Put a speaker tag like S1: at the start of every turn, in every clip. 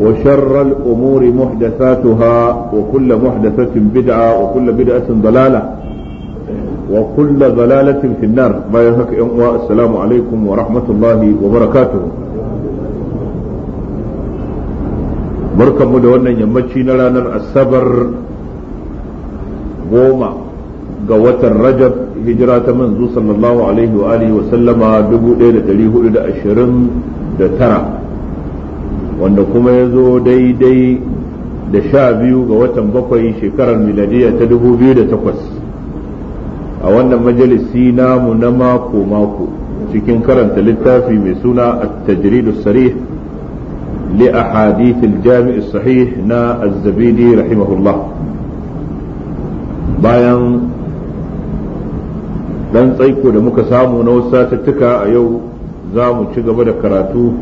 S1: وشر الأمور محدثاتها وكل محدثة بدعة وكل بدعة ضلالة وكل ضلالة في النار السلام عليكم ورحمة الله وبركاته barkanmu da wannan yammaci na ranar asabar goma ga watan rajab hijira ta manzo sallallahu alaihi wa alihi wa da tara. wanda kuma ya zo daidai da sha biyu ga watan bakwai shekarar miladiya ta dubu biyu da takwas a wannan majalisi namu na mako-mako cikin karanta littafi mai suna a tajridu sarih li ahadith al-jami' sahih na azabidi rahimahullah bayan dan tsaiko da muka samu na wasu satattuka a yau za mu ci gaba da karatu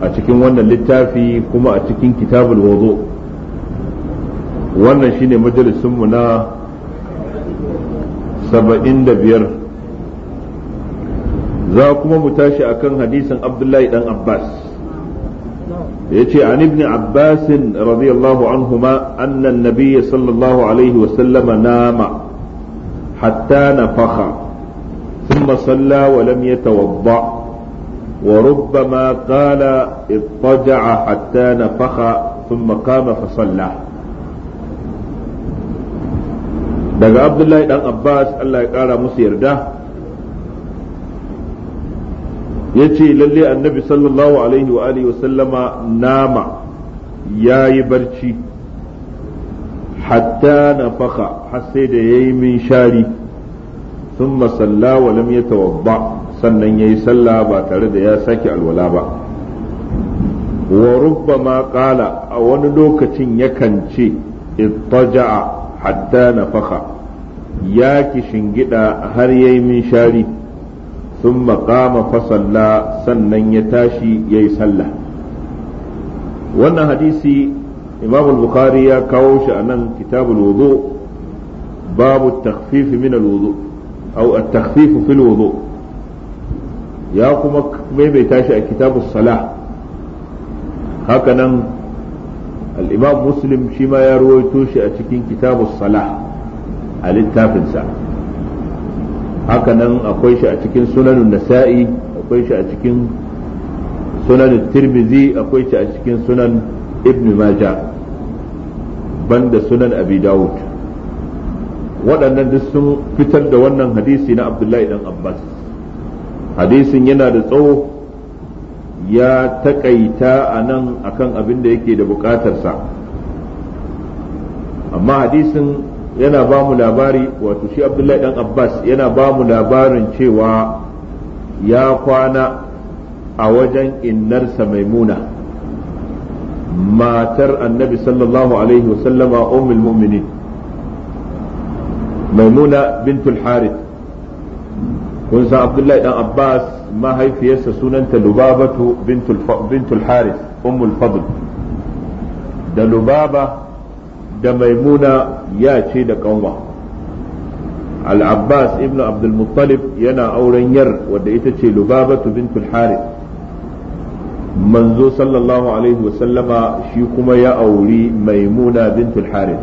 S1: a cikin wannan littafi kuma a cikin kitabul wudu wannan shine majalisunmu na saba'in da biyar za kuma mu tashi a kan hadisin abdullahi dan abbas ya ce an ibn abbasin radiyallahu anhuma annan nabiyya sallallahu alaihi wasallama nama hatta nafakha ثم صلى ولم يتوضأ وربما قال اضطجع حتى نفخ ثم قام فصلى daga abdullahi dan abbas allah ya kara musu yarda ya ce lalle annabi sallallahu alaihi wa alihi wasallama nama ya yi barci hatta na faka har sai da ya yi min shari sun masalla wa lam ya tawabba sannan ya yi sallah ba tare da ya sake alwala ba wa ma kala a wani lokacin yakan ce ittaja'a hatta faka ya ki shingida har yayi min shari sun maƙama fasalla sannan ya tashi ya yi sallah wannan hadisi imam bukhari ya kawo shi a nan kitabul wudu babu takfifi min al-wudu at fil wudu' ya kuma maimaita shi a kitabus salah hakanan al’imam muslim shi ma ya ruwaito shi a cikin kitabus salah a littafinsa hakanan akwai shi a cikin sunanun nasa'i akwai shi a cikin sunan tirmizi akwai shi a cikin sunan ibn maja banda sunan abi dawud waɗannan duk sun fitar da wannan hadisi na abdullahi ɗan abbas hadisin yana da tsawo ya takaita a nan akan abin da yake da bukatarsa amma hadisin yana ba mu labari wato shi abdullahi dan abbas yana ba mu labarin cewa ya kwana a wajen innarsa maimuna matar annabi sallallahu alaihi wasallama umul mu'minin maimuna bintul harith kun san abdullahi dan abbas mahaifiyarsa sunanta lubabatu bintul haris ummul fadl da lubaba da maimuna ya ce da kanwa al-abbas ibn abdul muttalib yana auren yar wadda ita ce lubabatu bintul haris manzo sallallahu alaihi wasallama shi kuma ya auri maimuna bintul haris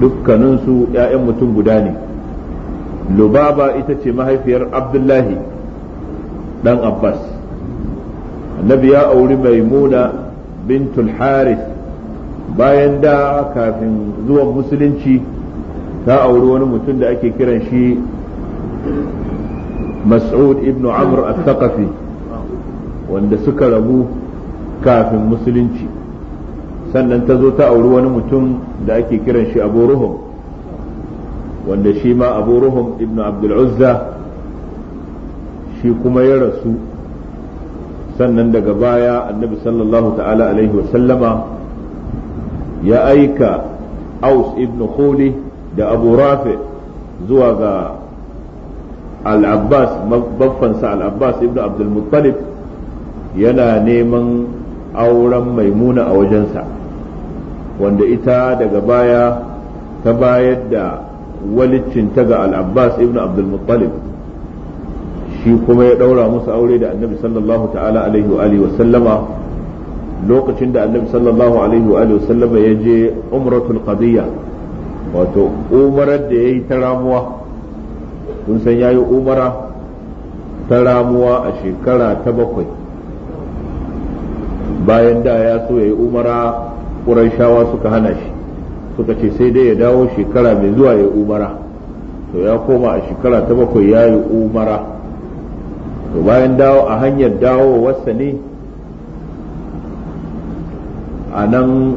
S1: dukkaninsu 'ya'yan mutum guda ne lubaba ita ce mahaifiyar abdullahi dan abbas annabi ya auri maimuna bintul haris bayan da kafin zuwan musulunci ta auri wani mutum da ake kiran shi mas'ud ibn amr al-thaqafi wanda suka rabu kafin musulunci sannan ta zo ta auri wani mutum da ake kiran shi abu wanda shi ma abu ibnu abdul shi kuma ya rasu sannan daga baya annabi sallallahu ta'ala alaihi wasallama ya aika aus ibnu khuli da abu rafi zuwa ga al-abbas babbansa al-abbas ibnu abdul muttalib yana neman auren maimuna a wajensa wanda ita daga baya ta bayar da walicinta ga al-abbas ibn abdul muttalib shi kuma ya daura musu aure da annabi sallallahu lokacin da annabi sallallahu ya je umratul qadiyya wato umarar da yayi ta ramuwa kun san yayi umara ta ramuwa a shekara ta bakwai bayan da ya so yayi umara Qurayshawa suka hana shi suka ce sai dai ya dawo shekara mai zuwa ya umara to ya koma a shekara ta bakwai ya yi umara to bayan dawo a hanyar dawo wasa ne a nan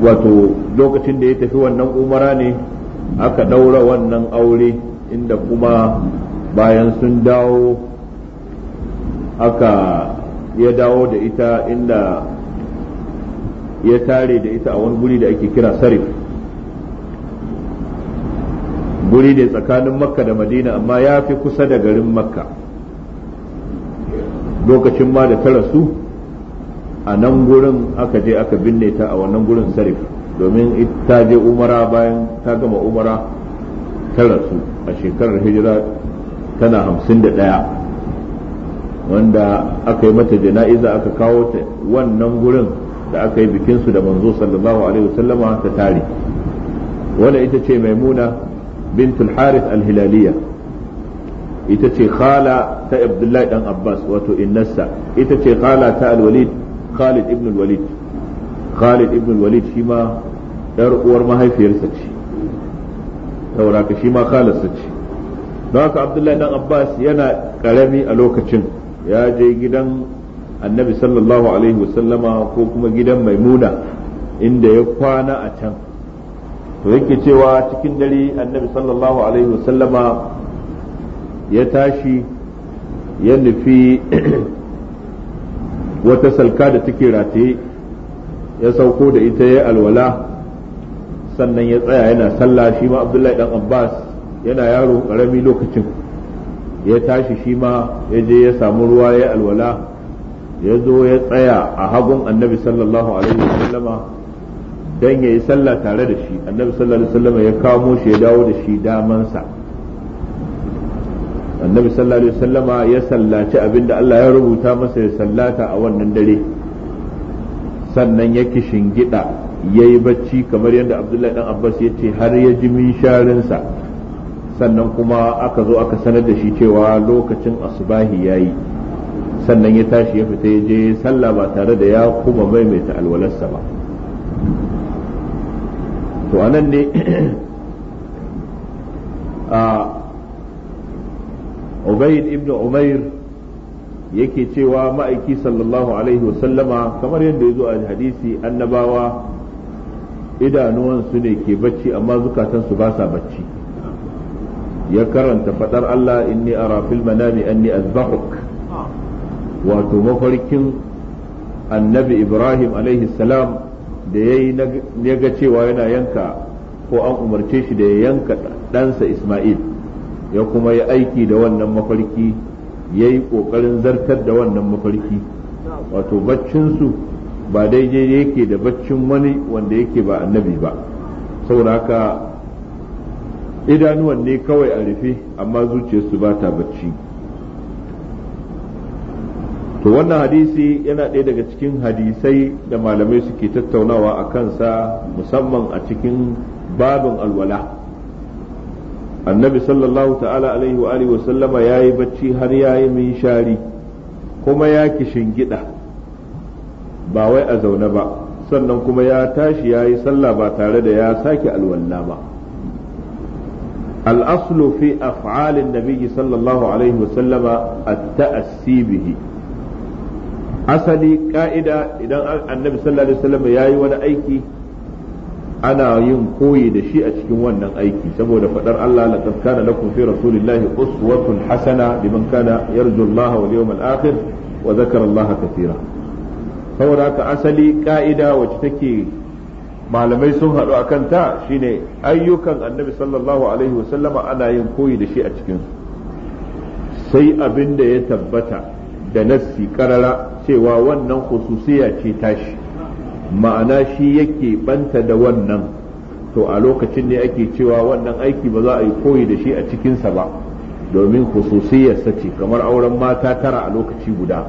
S1: wato lokacin da ya tafi wannan umara ne aka daura wannan aure inda kuma bayan sun dawo aka ya dawo da ita inda ya tare da ita a wani guri da ake kira sarif guri ne tsakanin makka da madina amma ya fi kusa da garin makka lokacin ma da ta rasu a nan gurin aka je aka binne ta a wannan gurin sarif domin ta je umara bayan ta gama umara ta rasu a shekarar hijira tana hamsin da ɗaya wanda aka yi mata jana'iza aka kawo ta wannan gurin da aka yi bikinsu su da manzo sallallahu alaihi wasallama ta tare wanda ita ce maimuna bintul harith al-hilaliya ita ce khala ta abdullahi dan abbas wato innassa ita ce khala ta al-walid khalid ibn al-walid khalid ibn al-walid shi ma yar uwar mahaifiyarsa ce saboda ka shi ma khalarsa ce don haka abdullahi dan abbas yana karami a lokacin ya je gidan annabi sallallahu alaihi wasallama ko kuma gidan maimuna inda ya kwana a can to yake cewa cikin dare annabi sallallahu alaihi wasallama ya tashi ya nufi wata salka da take rataye ya sauko da ita ya alwala sannan ya tsaya yana sallah shi ma abdullahi dan abbas yana yaro karami lokacin ya tashi shi ma ya je ya samu ruwa ya alwala ya zo ya tsaya a hagun annabi sallallahu alaihi dan ya yi sallah tare da shi annabi sallallahu alaihi ya kamo shi ya dawo da shi damansa annabi sallallahu alaihi ya sallaci abinda Allah ya rubuta masa ya sallata a wannan dare sannan ya kishingida ya yi bacci kamar yadda abdullahi dan abbas ya ce har ya ji sharinsa sannan kuma aka zo aka sanar da shi cewa lokacin asubahi ya yi sannan ya tashi ya fita ya je sallah ba tare da ya kuma maimaita alwalarsa ba to anan ne a ibnu ibn umair yake cewa ma'aiki sallallahu alaihi wasallama kamar yadda ya zo a hadisi annabawa idanuwansu ne ke bacci amma zukatansu ba sa bacci ya karanta fadar Allah inni ara fil manami anni azbahuk wato mafarkin annabi ibrahim alaihi salam da ya ga cewa yana yanka ko an umarce shi da ya yanka ɗansa isma'il ya kuma ya aiki da wannan mafarki ya yi ƙoƙarin zartar da wannan mafarki wato baccinsu ba daidai yake da baccin wani wanda yake ba annabi ba saboda haka idanuwan ne kawai a rufe amma zuciyarsu ba ta bacci. to wannan hadisi yana ɗaya daga cikin hadisai da malamai suke tattaunawa a kansa musamman a cikin babin alwala annabi sallallahu ta'ala alaihi wa alihi ya yi bacci har ya yi minshari kuma ya gida ba wai a zaune ba sannan kuma ya tashi ya yi sallah ba tare da ya sake alwala ba al'aslu fi af'alin nabiyyi sallallahu alaihi sallama at-ta'assi bihi asali ka'ida idan annabi sallallahu alaihi wasallam ya yi wani aiki ana yin koyi da shi a cikin wannan aiki saboda faɗar Allah laqad kana lakum fi rasulillahi uswatun hasana liman kana yarju Allah wal yawmal akhir wa zakara Allah katira saboda haka asali ka'ida wacce take malamai sun hadu a kanta shine ayyukan annabi sallallahu alaihi wasallama ana yin koyi da shi a cikin sai abin da ya tabbata da nassi karara cewa wannan khususiya ce tashi ma'ana shi yake banta da wannan to a lokacin ne ake cewa wannan aiki ba za a yi koyi da shi a cikinsa ba domin khususiyarsa ce kamar auren mata tara a lokaci guda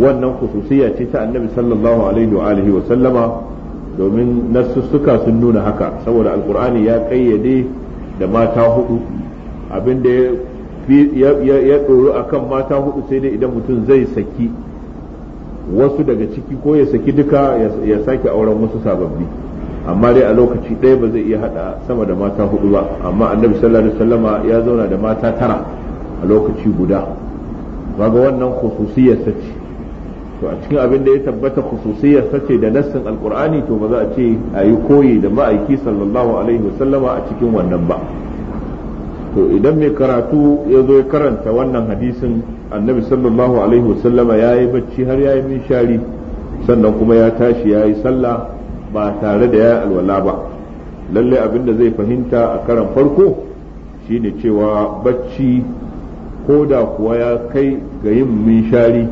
S1: wannan khususiya ce ta annabi sallallahu alaihi wa wa sallama domin suka sun nuna haka saboda alkur'ani ya kayyade da mata hudu abinda ya ya doro akan mata hudu sai dai idan mutum zai saki wasu daga ciki ko ya saki duka ya sake auren wasu sababbi amma dai a lokaci ɗaya ba zai iya hada sama da mata hudu ba amma annabi sallallahu alaihi wasallama ya zauna da mata tara a lokaci guda kaga wannan khususiyar sace to a cikin abin da ya tabbata khususiyar sace da nassin alqur'ani to ba za a ce a yi koyi da ma'aiki sallallahu alaihi wasallama a cikin wannan ba to idan mai karatu ya zo ya karanta wannan hadisin annabi sallallahu alaihi wasallama ya yi bacci har ya yi minshari sannan kuma ya tashi ya yi sallah ba tare da ya yi alwala ba lallai abin da zai fahimta a karan farko shine cewa bacci ko da kuwa ya kai ga yin minshari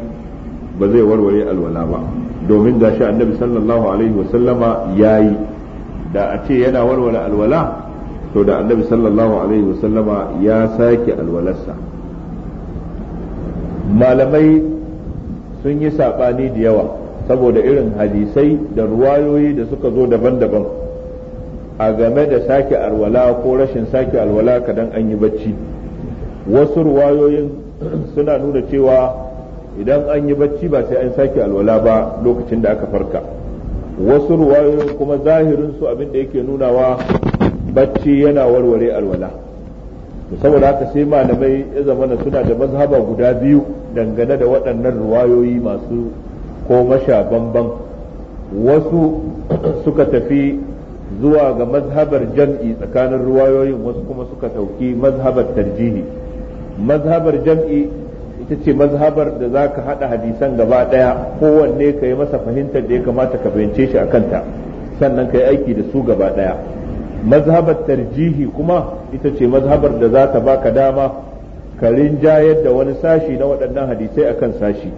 S1: ba zai warware alwala ba domin gashi annabi sallallahu alaihi wasallama ya yi da a ce yana warware alwala to da annabi sallallahu alaihi wasallama ya sake alwalarsa malamai sun yi saɓani da yawa saboda irin hadisai da ruwayoyi da suka zo daban-daban a game da sake alwala ko rashin sake alwala kadan an yi bacci wasu ruwayoyin suna nuna cewa idan an yi bacci ba sai an sake alwala ba lokacin da aka farka wasu ruwayoyin kuma zahirin su abin da yake nunawa bacci yana warware alwala saboda haka sai malamai ya zamana suna da mazhaba guda biyu dangane da waɗannan ruwayoyi masu ko masha bamban wasu suka tafi zuwa ga mazhabar jam'i tsakanin ruwayoyin wasu kuma suka tauki mazhabar tarjihi mazhabar jam'i ita ce mazhabar da za ka haɗa hadisan gaba ɗaya kowanne ka yi masa fahimtar da ya kamata ka fahimce shi a kanta sannan ka yi aiki da su gaba ɗaya mazhabar tarjihi kuma ita ce mazhabar da za ta baka dama ka rinjayar da wani sashi na waɗannan hadisai akan sashi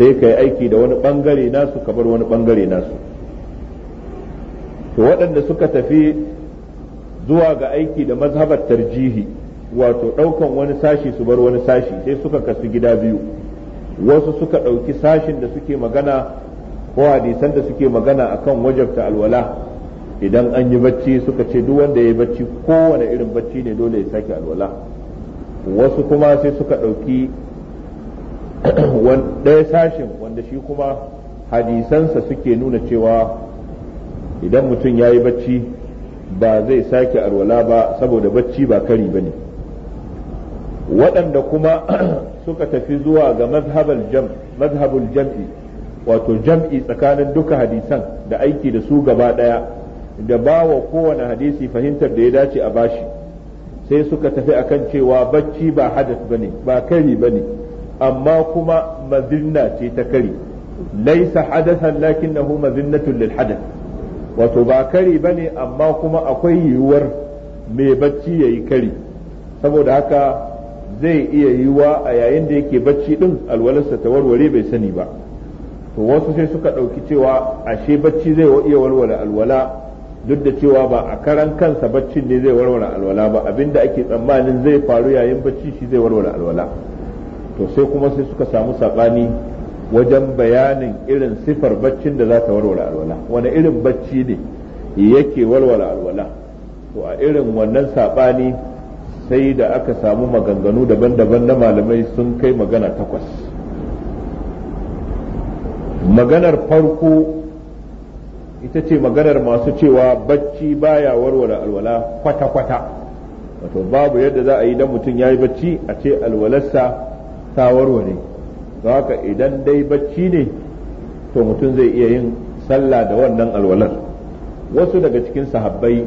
S1: sai ka yi aiki da wani ɓangare nasu kamar wani ɓangare nasu to waɗanda suka tafi zuwa ga aiki da mazhabar tarjihi wato ɗaukan wani sashi su bar wani sashi sai suka kasu gida biyu wasu suka ɗauki sashin da suke magana ko hadisan da suke magana akan wajabta alwala idan an yi bacci suka ce duk wanda ya yi bacci kowane irin bacci ne dole ya sake alwala wasu kuma sai suka ɗauki ɗaya sashen wanda shi kuma hadisansa suke nuna cewa idan mutum ya yi bacci ba zai sake alwala ba saboda bacci ba kari ba ne waɗanda kuma suka tafi zuwa ga mazhabul jam'i wato jam'i tsakanin duka hadisan da aiki da su gaba ɗaya da ba wa kowane hadisi fahimtar da ya dace a bashi sai suka tafi akan cewa bacci ba hadas bane ba kari bane amma kuma mazinna ce ta kari laisa hadasan lakin lakinnahu mazinnatun lil hadas wato ba kari bane amma kuma akwai yiwuwar mai bacci yayi kari saboda haka zai iya yiwuwa a yayin da yake bacci din alwalarsa ta warware bai sani ba to wasu sai suka ɗauki cewa ashe bacci zai iya walwala alwala duk da cewa ba a karan kansa baccin ne zai warware alwala ba abin da ake tsammanin zai faru yayin bacci shi zai warware alwala to sai kuma sai suka samu saɓani wajen bayanin irin sifar baccin da za ta warware alwala wani irin bacci ne yake warware alwala to a irin wannan saɓani sai da aka samu maganganu daban-daban na malamai sun kai magana takwas maganar farko ita ce maganar masu cewa bacci baya warware alwala kwata-kwata wato babu yadda za a yi dan mutum ya yi bacci a ce alwalarsa ta warware don haka idan dai bacci ne to mutum zai iya yin sallah da wannan alwalar wasu daga cikin sahabbai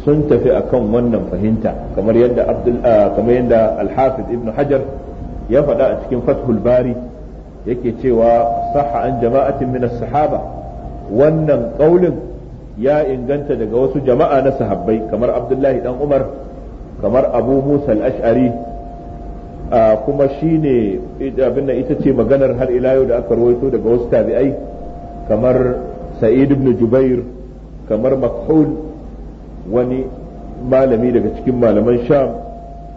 S1: sun tafi akan wannan fahimta kamar yadda kamar yadda al ibn hajar ya faɗa a cikin fathul bari yake cewa sahha an jama'atin min as-sahaba wannan kaulin ya inganta daga wasu jama'a na sahabbai kamar abdullahi dan umar kamar abu musa al-ash'ari kuma shine abin da ita ce maganar har ila yau da aka rawaito daga wasu tabi'ai kamar sa'id ibn jubair kamar makhul wani malami daga cikin malaman sham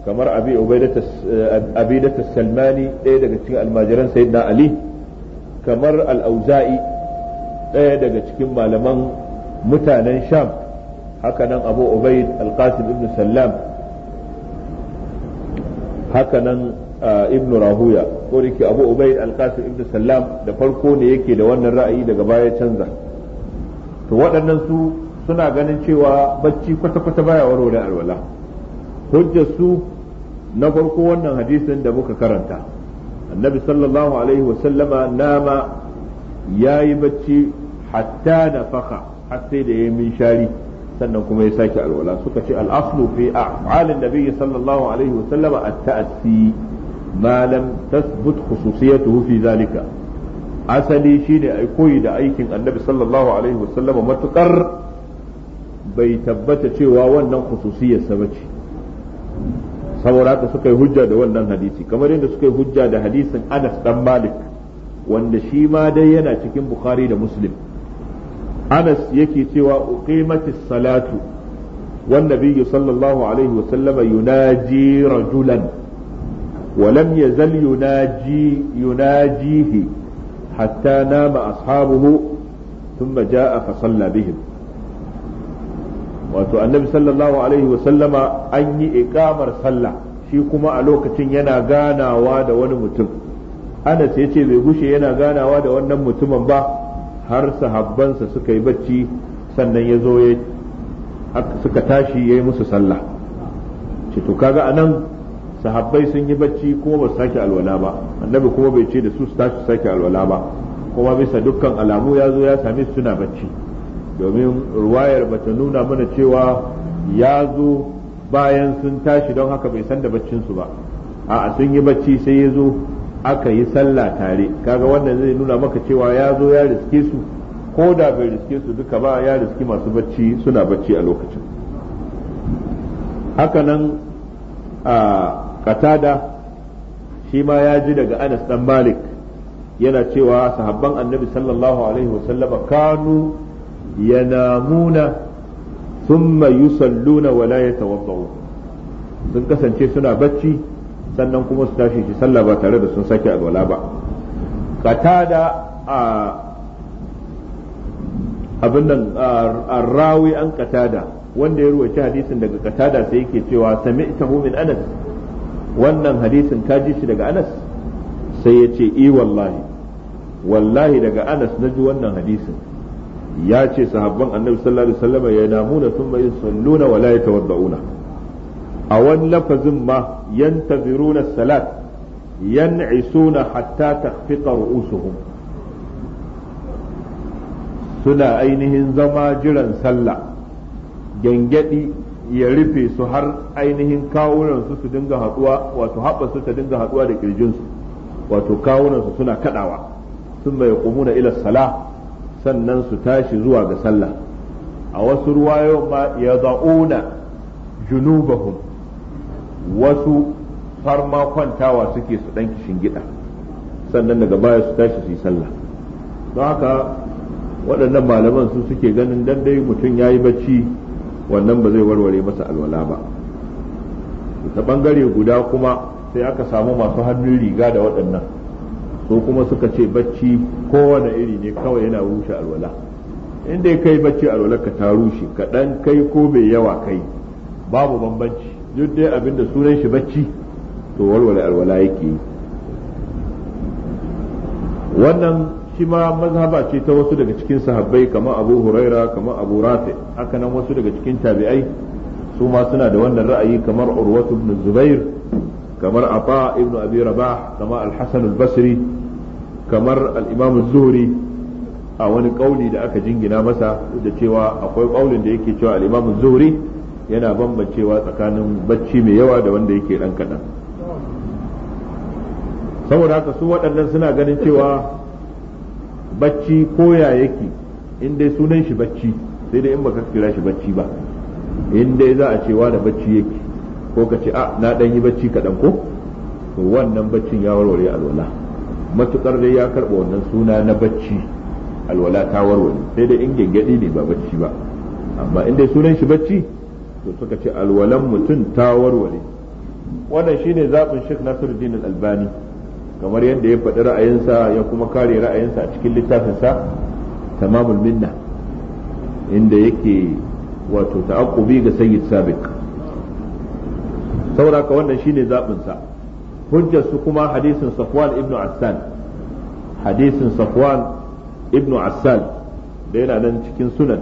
S1: kamar abi ubaidata salmani ɗaya daga cikin almajiran sayyidina ali kamar al-auza'i ɗaya daga cikin malaman mutanen sham hakanan abu ubaid alqasim ibn sallam hakanan ibn rahuya ko da ke abu ubaid alqasim ibn sallam da farko ne yake da wannan ra'ayi daga baya canza to waɗannan su suna ganin cewa bacci kwata-kwata baya warware alwala hujjar su na farko wannan hadisin da muka karanta annabi sallallahu alaihi wasallama nama ya yi bacci hatta na faka har sai da ya min shari sannan kuma ya sake alwala suka ce al'aslu fi a'malin nabiyyi sallallahu alaihi wa sallama at-ta'assi ma lam tasbut khususiyatuhu zalika asali shine ai koyi da aikin annabi sallallahu alaihi wa sallama matukar bai tabbata cewa wannan khususiyarsa bace saboda haka suka yi hujja da wannan hadisi kamar yadda suka yi hujja da hadisin Anas ɗan Malik wanda shi ma dai yana cikin Bukhari da Muslim anas yake cewa uqimatis salatu wan nabiyyu sallallahu alaihi wasallama yunaji rajulan ولم يزل يناجي يناجيه حتى نام أصحابه ثم جاء فصلى بهم wato annabi sallallahu alaihi wasallama an yi ikamar sallah shi kuma a lokacin yana ganawa da wani mutum anas ya ce bai gushe yana ganawa da wannan mutumin ba har sahabbansa suka yi bacci sannan ya zo suka tashi ya yi musu sallah ce to kaga anan sahabbai sun yi bacci kuma ba su sake alwala ba annabi kuma bai ce da su su tashi sake alwala ba kuma bisa dukkan alamu ya zo ya sami suna bacci domin ruwayar ba ta nuna mana cewa ya zo bayan sun tashi don haka bai san da baccinsu ba a sun yi bacci sai ya zo aka yi sallah tare kaga wannan zai nuna maka cewa ya zo ya riske su ko da bai riske su duka ba ya riski masu bacci suna bacci a lokacin nan a katada shi ma ya ji daga anas dan malik yana cewa sahabban annabi sallallahu alaihi wasallama kanu yanamuna thumma yusalluna Wala, la yatawaddau sun kasance suna bacci sannan kuma su tashi shi sallah ba tare da sun sake alwala ba qatada a abin nan rawi an katada wanda ya ruwaci hadisin daga katada sai yake cewa sami'tahu min anas wannan hadisin ka ji shi daga anas sai ya ce i eh, wallahi wallahi daga anas na ji wannan hadisin ya ce sahabban annabi sallallahu alaihi wasallam ya namuna thumma yusalluna wa la yatawaddauna a wani lafazin ma yantaziruna salat yan'isuna hatta takhfita ru'usuhum suna ainihin zama jiran sallah gyangyaɗi ya rufe su har ainihin kawunansu su dinga haɗuwa wato haɓarsu ta dinga haɗuwa da ƙirjinsu wato kawunansu suna kaɗawa sun mai ƙumuna ila salah sannan su tashi zuwa ga sallah a wasu ruwayo ma ya za'una junubahum wasu har ma kwantawa suke su ɗan gida sannan daga baya su tashi su yi sallah don haka waɗannan malaman su suke ganin dan dai mutum ya yi bacci wannan ba zai warware masa alwala ba ta ɓangare guda kuma sai aka samu masu hannun riga da waɗannan so kuma suka ce bacci kowane iri ne kawai yana rushe alwala inda ya kai bacci alwala ka ta rushe kaɗan kai ko bai yawa kai babu bambanci duk dai abinda sunan shi bacci to walwala alwala yake yi wannan shi ma mazhaba ce ta wasu daga cikin sahabbai kamar abu huraira kamar abu rafi haka nan wasu daga cikin tabi'ai su ma suna da wannan ra'ayi kamar urwatu ibn zubair kamar afa ibn abi rabah kamar al-hasan basri kamar al zuhri a wani kauli da aka jingina masa da cewa akwai kaulin da yake cewa al-imam az-zuhri yana bambancewa tsakanin bacci mai yawa da wanda yake dan kaɗan saboda haka su waɗannan suna ganin cewa bacci koya yake in dai sunan shi bacci sai dai in baka kira shi bacci ba in dai za a cewa da bacci yake ko ka ce a na dan yi bacci kaɗan ko to wannan baccin ya warware alwala matukar dai ya karɓa wannan suna na bacci alwala ta warware sai dai in gyangyaɗi ne ba bacci ba amma in dai sunan shi bacci to suka ce alwalan mutum ta warware wannan shine zaɓin Sheikh Nasiruddin albani kamar yadda ya faɗi ra'ayinsa ya kuma kare ra'ayinsa a cikin littafinsa tamamul minna inda yake wato ta'aqqubi ga sayyid sabiq saboda ka wannan shine zaɓin sa hujjar su kuma hadisin Safwan ibn assal hadisin Safwan ibnu assal da yana nan cikin sunan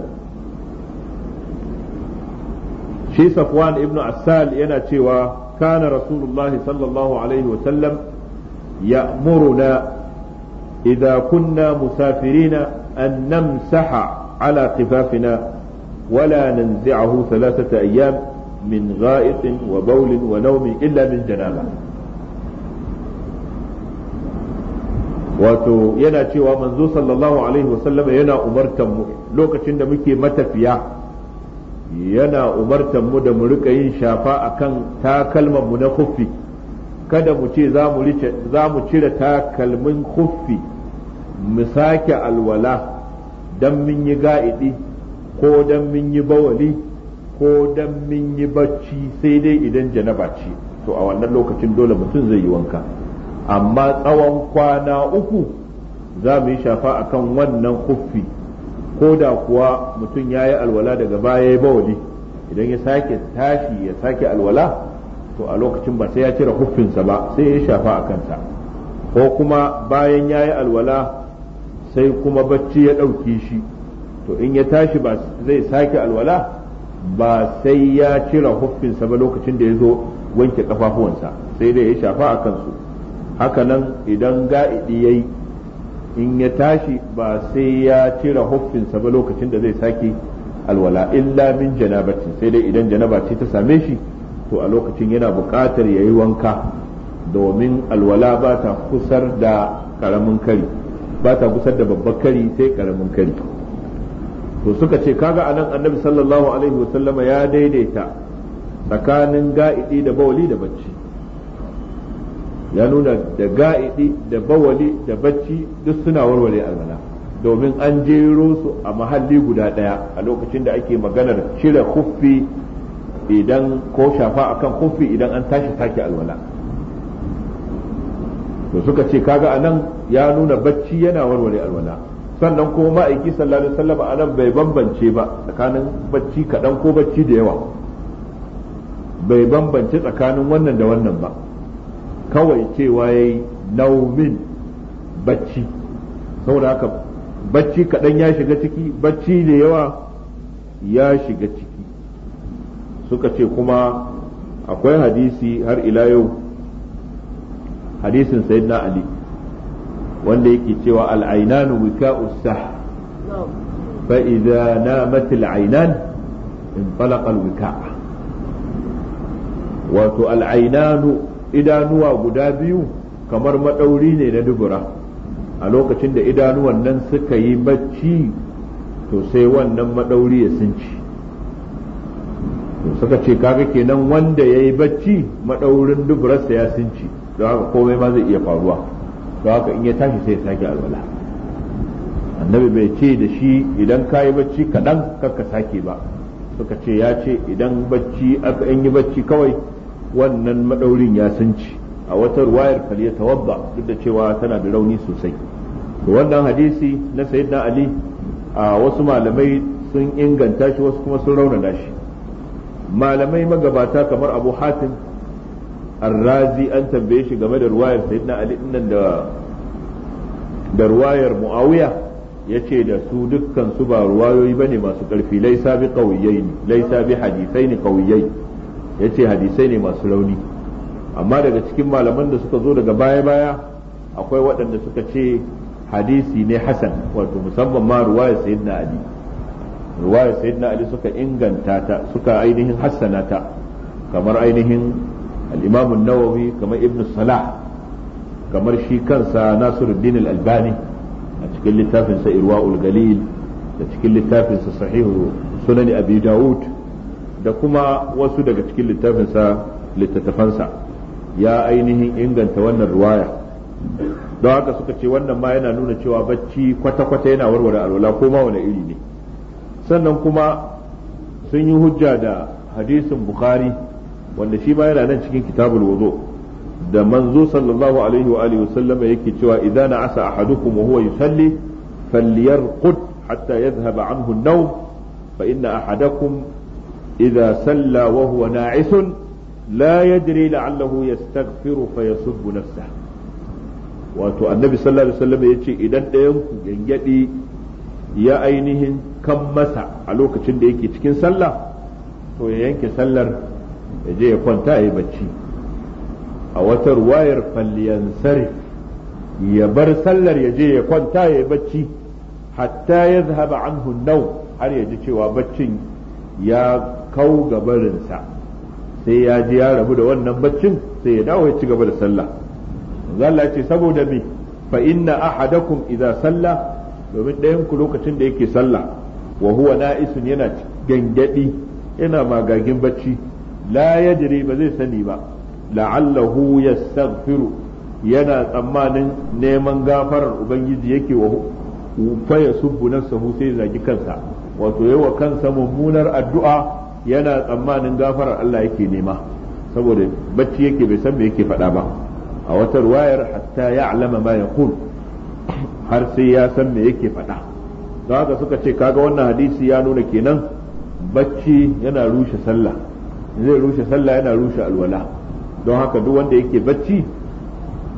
S1: shi safwan ibnu asal yana cewa kana rasulullahi sallallahu alaihi wa sallam ya'muruna idza kunna musafirina an namsaha ala khifafina wala nanzi'ahu thalathata ayyam min gha'itin wa bawlin wa nawmin illa min janaba wato yana cewa manzo sallallahu alaihi wa sallam yana umartan mu lokacin da muke matafiya yana umartar mu da mu rika yin shafa akan takalman mu na khuffi kada mu ce za mu cire takalmin khuffi mu sake alwala dan mun yi ga'idi ko dan mun yi bawali ko dan mun yi bacci sai dai idan janaba ce to a wannan lokacin dole mutum zai yi wanka amma tsawon kwana uku za mu yi shafa akan wannan khuffi ko da kuwa mutum ya yi alwala daga baya ya bawali idan ya sake tashi ya sake alwala to a lokacin ba sai ya cire huffinsa ba sai ya shafa a kansa ko kuma bayan ya yi alwala sai kuma bacci ya ɗauke shi to in ya tashi ba zai sake alwala ba sai ya cire huffinsa ba lokacin da ya zo wanke ƙafafuwansa sai dai ya shafa a kansu haka nan idan ga'idi ya yi in ya tashi ba sai ya cire huffinsa ba lokacin da zai sake alwala illa min janabati sai dai idan janaba ce ta same shi to a lokacin yana buƙatar ya yi wanka domin alwala ba ta kusar da ƙaramin kari ba ta kusar da babbar kari sai ƙaramin kari to suka ce kaga anan annabi sallallahu alaihi wasallama ya daidaita tsakanin ga'idi da bawali da bacci ya nuna da ga'idi da bawali da bacci duk suna warware alwala domin an jero su a mahalli guda daya a lokacin da ake maganar cire kuffi idan ko shafa akan kuffi idan an tashi sake alwala to suka ce kaga anan ya nuna bacci yana warware alwala sannan kuma ma'aiki sallallahu alaihi wasallam anan bai bambance ba tsakanin bacci kaɗan ko bacci da yawa bai bambance tsakanin wannan da wannan ba kawai cewa yayi naumin bacci saboda haka bacci kaɗan ya shiga ciki bacci da yawa ya shiga ciki suka ce kuma akwai hadisi har ila yau hadisin sayyidina ali wanda yake cewa al'ainanu wika sah fa idza namat al'ainan intalaqa al-wika' wato al'ainanu idanuwa guda biyu kamar maɗauri ne na dubura a lokacin da idanuwan nan suka yi bacci to sai wannan maɗauri ya sunci to suka ce kaga kenan wanda ya yi bacci maɗaurin duburarsa ya sunci don haka komai ma zai iya faruwa don haka in ya tashi sai ya sake alwala annabi bai ce da shi idan ka yi bacci kaɗan ka sake ba suka ce ya ce idan bacci aka yi bacci kawai wannan madaurin ya sanci a wata ruwayar fal tawabba duk da cewa tana da rauni sosai to wannan hadisi na sayyidina ali a wasu malamai sun inganta shi wasu kuma sun raunana shi malamai magabata kamar abu hatim arrazi an tambaye shi game da ruwayar sayyidina ali nan da da ruwayar muawiya yace da su dukkan su ba ruwayoyi bane masu karfi laisa bi qawiyaini laisa bi hadithaini ya ce hadisai ne masu rauni amma daga cikin malaman da suka zo daga baya-baya akwai waɗanda suka ce hadisi ne hasan wato musamman ma ruwayar sayyidina ali ruwayar sayyidina ali suka inganta ta suka ainihin hassana ta kamar ainihin al-imam nawawi kamar ibn salah kamar shi kansa nasiruddin al-albani a cikin littafin sa irwaul da cikin littafinsa sahihu sunani abi dawud da kuma wasu daga cikin littafinsa littattafansa ya ainihin inganta wannan ruwaya don haka suka ce wannan ma yana nuna cewa bacci kwata-kwata yana warware alwala ko ma wani iri ne sannan kuma sun yi hujja da hadisin bukhari wanda shi ma yana nan cikin kitabul wazo da manzo sallallahu alaihi wa alihi wasallam yake cewa idza asa ahadukum wa huwa yusalli falyarqud hatta yadhhab anhu an-nawm fa inna ahadakum idza salla wa huwa na'isun la Allahu la'allahu yastaghfiru fa wato annabi sallallahu alaihi wasallam yace idan ɗayan ku gangadi ya ainihin kan masa a lokacin da yake cikin sallah to ya yanke sallar ya je ya kwanta ya yi bacci a wata ruwayar falliyansari ya bar sallar ya je ya kwanta ya yi bacci hatta ya zahaba anhu nau har ya ji cewa baccin ya kau gabarinsa sai ya ji ya rabu da wannan baccin sai ya dawo ya ci gaba da sallah Allah ce saboda me fa inna ahadakum idza salla domin ɗayan ku lokacin da yake sallah wa huwa na'isun yana gangadi yana magagin bacci la yajri ba zai sani ba la'allahu yastaghfiru yana tsammanin neman gafarar ubangiji yake wa fa yasubbu nafsahu sai zagi kansa wato yawa kansa mummunar addu'a yana tsammanin gafarar Allah yake nema saboda bacci yake bai san me yake faɗa ba a wata ruwayar hatta ya alama ma ya har sai ya san me yake faɗa don haka suka ce kaga wannan hadisi ya nuna kenan bacci yana rushe sallah zai rushe sallah yana rushe alwala don haka duk wanda yake bacci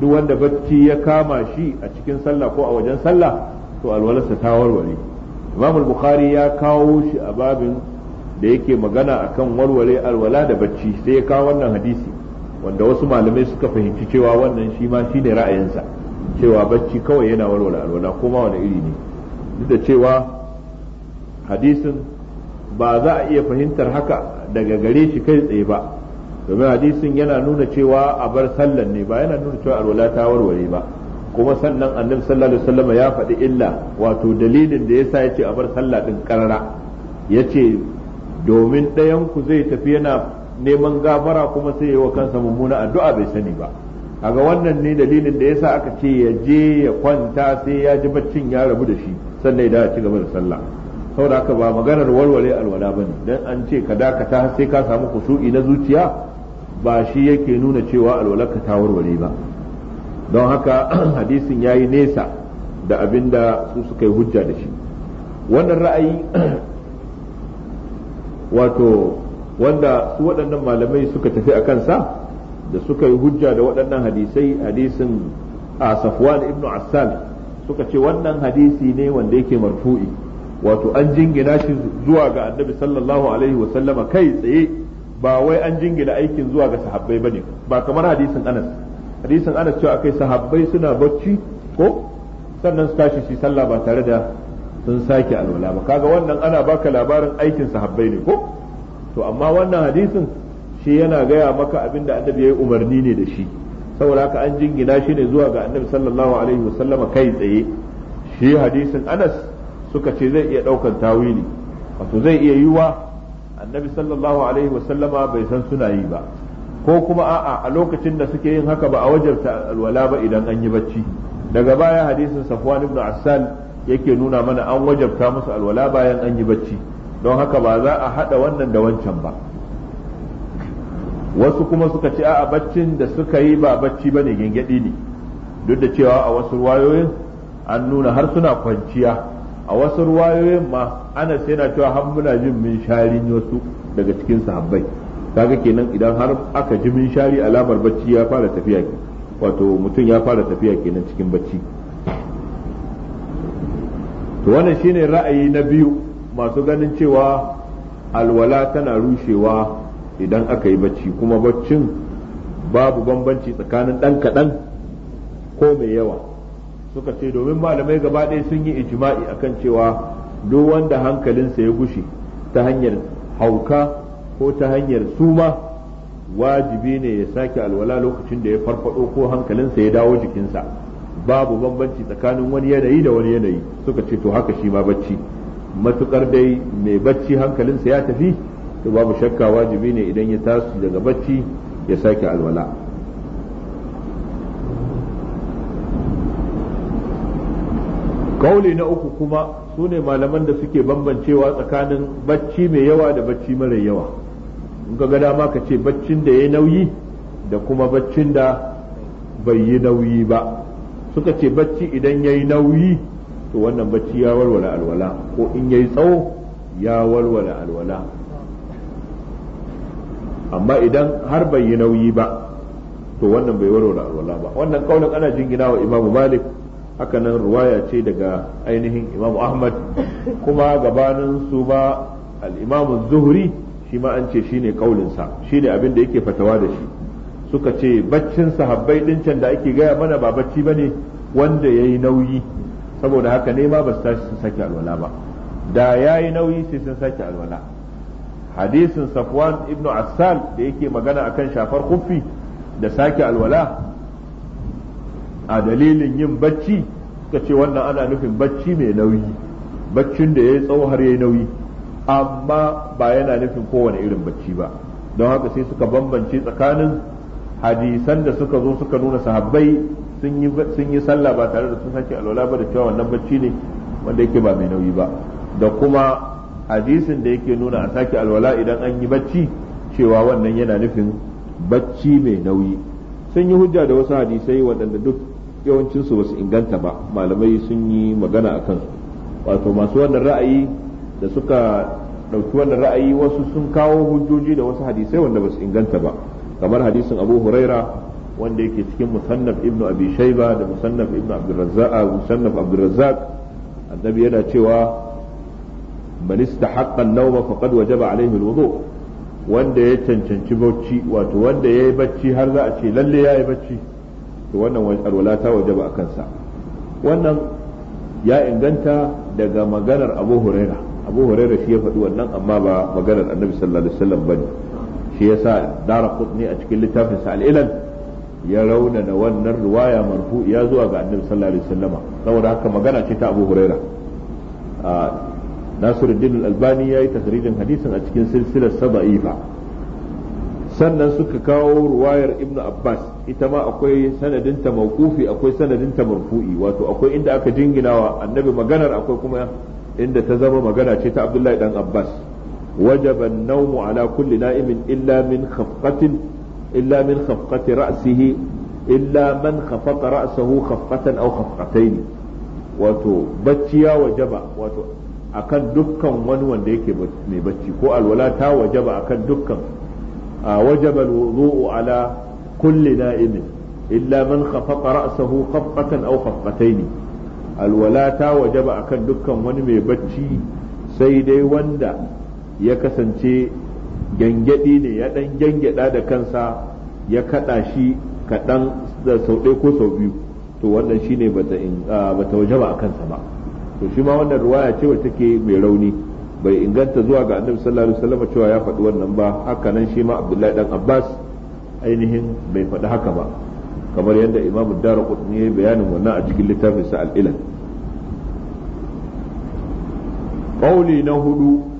S1: duk wanda bacci ya kama shi a cikin sallah ko a wajen sallah to alwalarsa ta warware imam bukhari ya kawo shi a babin da yake magana akan warware alwala da bacci sai ya kawo wannan hadisi wanda wasu malamai suka fahimci cewa wannan shi ma shine ra'ayinsa cewa bacci kawai yana warware alwala ko ma wani iri ne duk da cewa hadisin ba za a iya fahimtar haka daga gare shi kai tsaye ba domin hadisin yana nuna cewa a bar sallan ne ba yana nuna cewa alwala ta warware ba kuma sannan annabi sallallahu alaihi wasallam ya faɗi illa wato dalilin da yasa yace a bar sallah din karara yace domin ɗayan ku zai tafi yana neman gafara kuma sai yi wa kansa mummuna addu'a bai sani ba kaga wannan ne dalilin da ya sa aka ce ya je ya kwanta sai ya ji baccin ya rabu da shi sannan ya ci gaba da sallah saboda haka ba maganar warware alwala bane dan an ce ka dakata sai ka samu kusu'i na zuciya ba shi yake nuna cewa alwalarka ta warware ba don haka hadisin yayi nesa da abinda su suka yi hujja da shi wannan ra'ayi wato wanda su waɗannan malamai suka tafi a kansa da suka yi hujja da waɗannan hadisai hadisin a safwan ibn assal suka ce wannan hadisi ne wanda yake marfu'i wato an jingina shi zuwa ga annabi sallallahu alaihi wasallama kai tsaye ba wai an jingina aikin zuwa ga sahabbai bane ba kamar hadisin anas hadisin anas cewa akai sahabbai suna bacci ko sannan su tashi shi sallah ba tare da sun sake alwala ba kaga wannan ana baka labarin aikin sahabbai ne ko to amma wannan hadisin shi yana gaya maka abin da annabi ya yi umarni ne da shi saboda haka an jingina shi ne zuwa ga annabi sallallahu alaihi wasallama kai tsaye shi hadisin anas suka ce zai iya ɗaukan tawili wato zai iya yiwa annabi sallallahu alaihi wasallama bai san suna yi ba ko kuma a'a a lokacin da suke yin haka ba a wajarta alwala ba idan an yi bacci daga baya hadisin safwan ibn asal yake nuna mana an wajabta musu alwala bayan an yi bacci don haka ba za a haɗa wannan da wancan ba wasu kuma suka ce a baccin da suka yi ba bacci bane gengedi ne duk da cewa a wasu ruwayoyin an nuna har suna kwanciya a wasu ruwayoyin ma ana sai na cewa har muna jin min shari wasu daga cikin sahabbai kaga kenan idan har aka ji min shari alamar bacci ya fara tafiya wato mutum ya fara tafiya kenan cikin bacci wannan shine ra'ayi na biyu masu ganin cewa alwala tana rushewa idan aka yi bacci kuma baccin babu bambanci tsakanin ɗan kaɗan ko mai yawa suka ce domin malamai gaba ɗaya sun yi ijima'i akan cewa duk wanda hankalinsa ya gushe ta hanyar hauka ko ta hanyar suma wajibi ne ya sake alwala lokacin da ya farfado ko hankalinsa ya dawo jikinsa babu bambanci tsakanin wani yanayi da wani yanayi suka ce to haka shi ma bacci matukar dai mai bacci hankalinsa ya tafi to babu shakka wajibi ne idan ya tasu daga bacci ya sake alwala kauli na uku kuma su ne malaman da suke bambancewa tsakanin bacci mai yawa da bacci mara yawa in ka ga dama ka ce baccin da ya nauyi da kuma baccin da bai yi nauyi ba suka ce bacci idan yayi nauyi to wannan bacci ya walwala alwala ko in yayi tsawo ya walwala alwala amma idan har bai yi nauyi ba to wannan bai walwala alwala ba wannan kaunin ana jingina wa imamu malik hakanan ruwaya ce daga ainihin imamu ahmad kuma gabanin su ba al-imamu zuhri shi ma an ce shine kaulinsa shine abin da yake fatawa da shi suka ce baccin sahabbai can da ake gaya mana ba bacci bane wanda yayi nauyi saboda haka ne ma ba su tashi sun sake alwala ba da yayi nauyi sai sun sake alwala hadisin safwan ibn assal da yake magana akan shafar kuffi da sake alwala a dalilin yin bacci suka ce wannan ana nufin bacci mai nauyi baccin da yayi yi tsawo har ya yi nauyi amma ba yana nufin kowane irin bacci ba don haka sai suka bambance tsakanin hadisan da suka zo suka nuna sahabbai sun yi sallah ba tare da sun sake alwala ba da cewa wannan bacci ne wanda yake ba mai nauyi ba da kuma hadisin da yake nuna a sake alwala idan an yi bacci cewa wannan yana nufin bacci mai nauyi sun yi hujja da wasu hadisai waɗanda duk yawancinsu ba su inganta ba malamai sun yi magana a kansu wato masu wannan ra'ayi da suka ɗauki wannan ra'ayi wasu sun kawo hujjoji da wasu hadisai wanda ba su inganta ba kamar hadisin abu huraira wanda yake cikin musannaf ibnu abi shayba da musannaf ibnu abdurrazzaq ah, musannaf abdurrazzaq annabi yana cewa man istahaqqa an-nawma faqad wajaba alayhi al wanda ya cancanci bacci wato wanda yayi bacci har za a ce lalle yayi bacci to wannan alwala ta wajaba a kansa wannan ya inganta daga maganar abu huraira abu huraira shi ya faɗi wannan amma ba maganar annabi sallallahu alaihi wasallam bane shi sa dara kudni a cikin littafin sa al'ilan ya na wannan riwaya marfu ya zuwa ga annabi sallallahu alaihi wasallam saboda haka magana ce ta abu huraira nasiruddin albani ya yi tasirin hadisin a cikin silsilar saba'ifa sannan suka kawo ruwayar ibnu abbas ita ma akwai sanadinta mawqufi akwai sanadinta marfu'i wato akwai inda aka jinginawa annabi maganar akwai kuma inda ta zama magana ce ta abdullahi dan abbas وجب النوم على كل نائم إلا من خفقة إلا من خفقة رأسه إلا من خفق رأسه خفقة أو خفقتين wato bacci ya wajaba wato akan dukkan wani wanda yake mai bacci ko alwala ta wajaba akan dukkan a wajaba alwudu'u ala kulli na'imin illa man khafaqa ra'sahu khaffatan aw khaffataini alwala ta wajaba akan dukkan wani mai bacci sai dai wanda ya kasance gyangyaɗi ne ya ɗan gyangyaɗa da kansa ya kaɗa shi kaɗan da sau ɗaya ko sau biyu to wannan shi ne bata waje ba a kansa ba to shi ma wannan ruwaya ce wata take mai rauni bai inganta zuwa ga annabi sallallahu alaihi wasallam cewa ya faɗi wannan ba haka nan shi ma abdullahi dan abbas ainihin bai faɗi haka ba kamar yadda imamu dara ya yi bayanin wannan a cikin littafinsa al'ilan ƙauli na hudu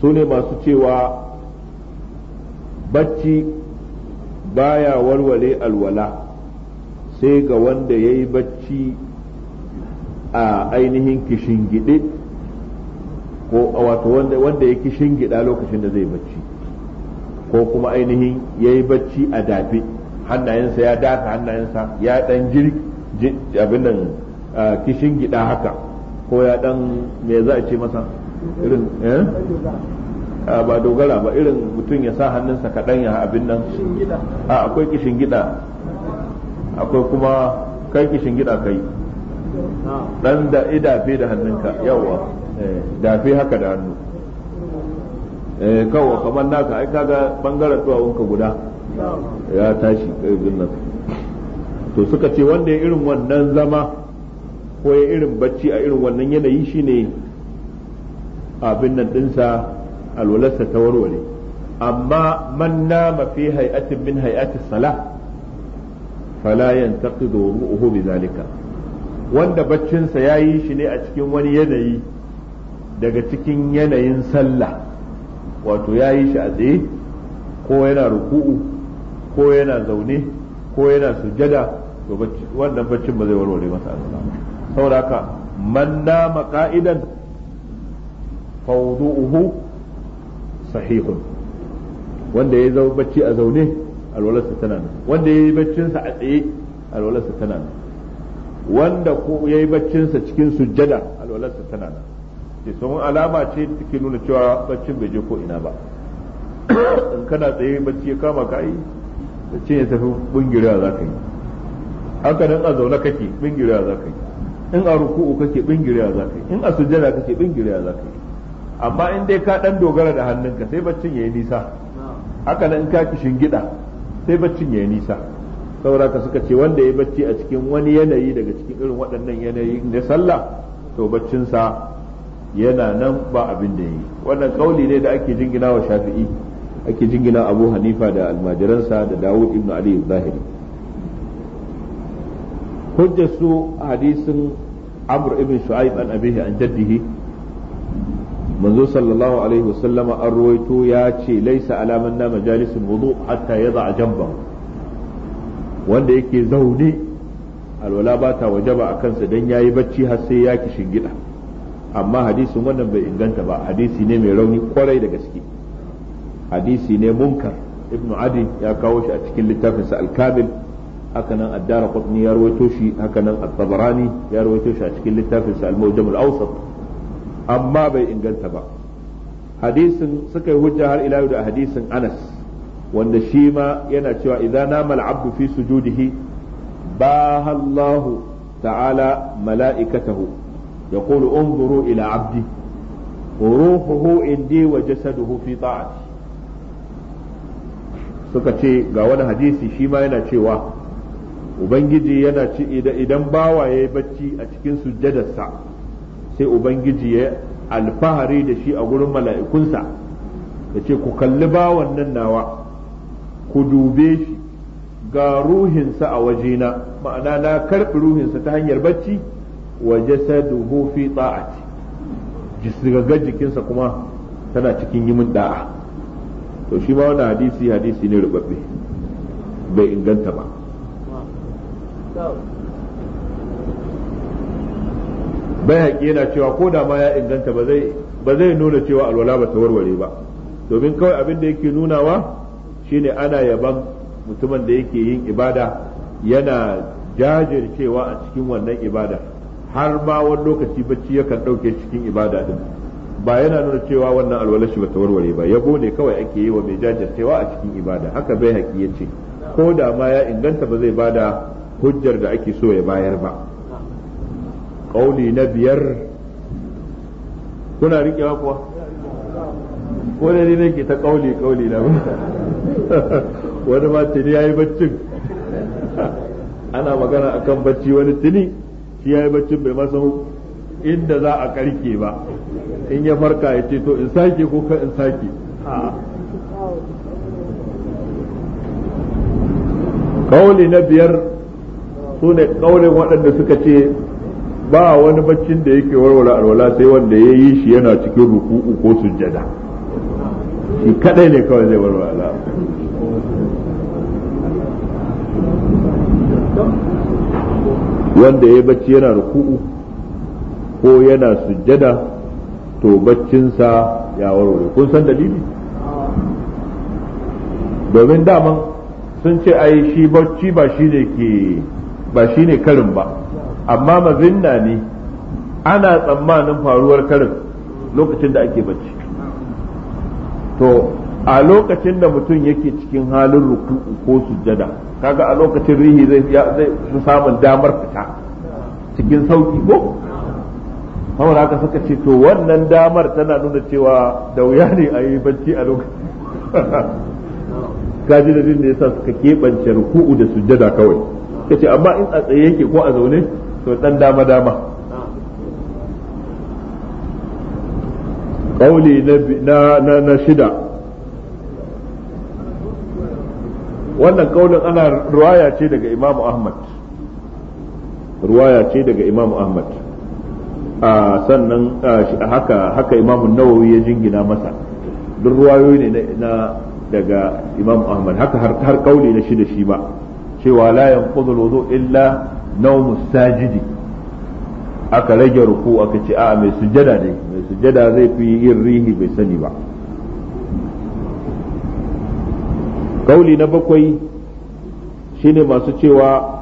S1: su ne masu cewa bacci baya warware alwala sai ga wanda ya yi bacci a ainihin kishin ko wato wanda ya kishin gida lokacin da zai bacci ko kuma ainihin ya yi bacci a dafe hannayensa ya dafa hannayensa ya dan jirgin abin nan kishin gida haka ko ya dan me za a ce masa irin eh ba dogara ba irin mutum ya sa hannunsa kaɗan ya abin nan a akwai kishin gida akwai kuma kai kishin gida kai dan da idafe da hannunka yawa eh, dafe haka da hannu eh kawo kamar naka ai kaga bangaren tsawonka guda ya tashi ƙarfin nan to suka ce wanda ya irin wannan zama ko ya irin bacci a irin wannan yanayi shine abin nan dinsa alwalarsa ta warware amma man nama fi hay'atin min hay'ati salah fala yantaqidu mai bidhalika wanda baccinsa ya yi shi ne a cikin wani yanayi daga cikin yanayin sallah wato ya yi shi a tsaye ko yana ruku'u ko yana zaune ko yana sujada wannan baccin ba zai warware masa alwala saboda haka man nama ka'idan fawdu'uhu sahihun wanda ya zama bacci a zaune alwalarsa tana nan wanda ya yi baccinsa a tsaye alwalarsa tana nan wanda ko ya yi baccinsa cikin sujjada alwalarsa tana nan ke samun alama ce take nuna cewa baccin bai je ko ina ba in kana tsaye bacci ya kama ka yi baccin ya tafi bungirewa za ka yi haka nan a zaune kake bingirewa za ka yi in a ruku'u kake bingirewa za ka yi in a sujjada kake bingirewa za ka yi amma in dai ka dan dogara da hannunka sai baccin ya yi nisa haka nan ka kishin gida sai baccin ya yi nisa saboda ka suka ce wanda ya bacci a cikin wani yanayi daga cikin irin waɗannan yanayi na sallah to baccinsa yana nan ba abin da yi wannan kauli ne da ake jingina wa shafi'i ake jingina abu hanifa da almajiransa da dawud ibn ali zahiri hujjarsu hadisin amr ibn shu'aib an abihi an jaddihi manzo sallallahu alaihi wasallama an ruwaito ya ce laisa alaman na majalisin wudu hatta ya a jamban wanda yake zaune alwala ba ta wajaba a kansa dan yayi bacci har sai ya ki shingida amma hadisin wannan bai inganta ba hadisi ne mai rauni kwarai da gaske hadisi ne munkar ibnu adi ya kawo shi a cikin littafinsa al-kamil hakanan addara qutni ya ruwato shi hakanan at ya rawaito shi a cikin littafinsa al-mawjam al amma bai inganta ba hadisin suka yi hujja har ila da hadisin Anas wanda shi ma yana cewa idza nama al-abdu fi sujudihi baha Allah ta'ala mala'ikatahu yaqulu unzuru ila 'abdi ruhuhu indi wa jasaduhu fi ta'ati suka ce ga wani hadisi shi ma yana cewa ubangiji yana ci idan bawa yayi bacci a cikin sujjadarsa sai ubangiji ya alfahari da shi a gurin mala'ikunsa ya ce ku kalli bawan nan nawa ku dube shi ga ruhinsa a wajena ma'ana na karɓi ruhinsa ta hanyar bacci waje jasaduhu fi ta'ati jisgaga jikinsa kuma tana cikin yimin da'a to shi ma wani hadisi hadisi ne rubabbe bai inganta ba bayhaqi yana cewa ko da ma ya inganta ba zai nuna cewa alwala ba ta warware ba domin kawai abin da yake nunawa shine ana yaban mutumin da yake yin ibada yana jajircewa a cikin wannan ibada har ma wani lokaci bacci yakan ɗauke cikin ibada din ba yana nuna cewa wannan alwala shi ta warware ba yabo ne kawai ake yi wa mai jajircewa a cikin ibada haka bai haƙi ya ce ko da ma ya inganta ba zai bada hujjar da ake so ya bayar ba Ƙauli na biyar kuna wa kuwa ko da ne ke ta ƙauli-ƙauli na ba? wani ma tuni ya yi baccin ana magana a kan bacci wani tuni shi ya yi baccin bai masa inda za a ƙarke ba in ya farka ya ce to in sake ko ka in sake Ƙauli na biyar su ne ƙaunin waɗanda suka ce ba wani baccin da yake warware alwala sai wanda ya yi shi yana cikin ruku'u ko sujjada shi kadai ne kawai zai warware alwala wanda ya bacci yana ruku'u ko yana sujjada to baccinsa ya warware kun san dalili domin daman sun ce ai shi bacci ba shi ne ke ba shi ne karin ba amma mazinna ne ana tsammanin faruwar karin lokacin da ake bacci to a lokacin da mutum yake cikin halin ruku ko sujjada kaga a lokacin rihi zai zai fi samun damar fita cikin sauki ko saboda haka suka ce to wannan damar tana nuna cewa da wuya ne a yi bacci a lokacin kaji da da yasa suka keɓance ruku'u da sujada kawai kace amma in a tsaye yake ko a zaune to dan dama dama kauli na na shida wannan kaulin ana ruwaya ce daga imamu ahmad ruwaya ce daga imamu ahmad a sannan haka haka imamu nawawi ya jingina masa duk ruwayoyi ne na daga imamu ahmad haka har kauli na shida shi ba cewa la yanqudul wudu illa naumu sajidi aka rage ruku aka ce a'a mai sujada ne mai sujada zai fi yin rihi bai sani ba kauli na bakwai shine masu cewa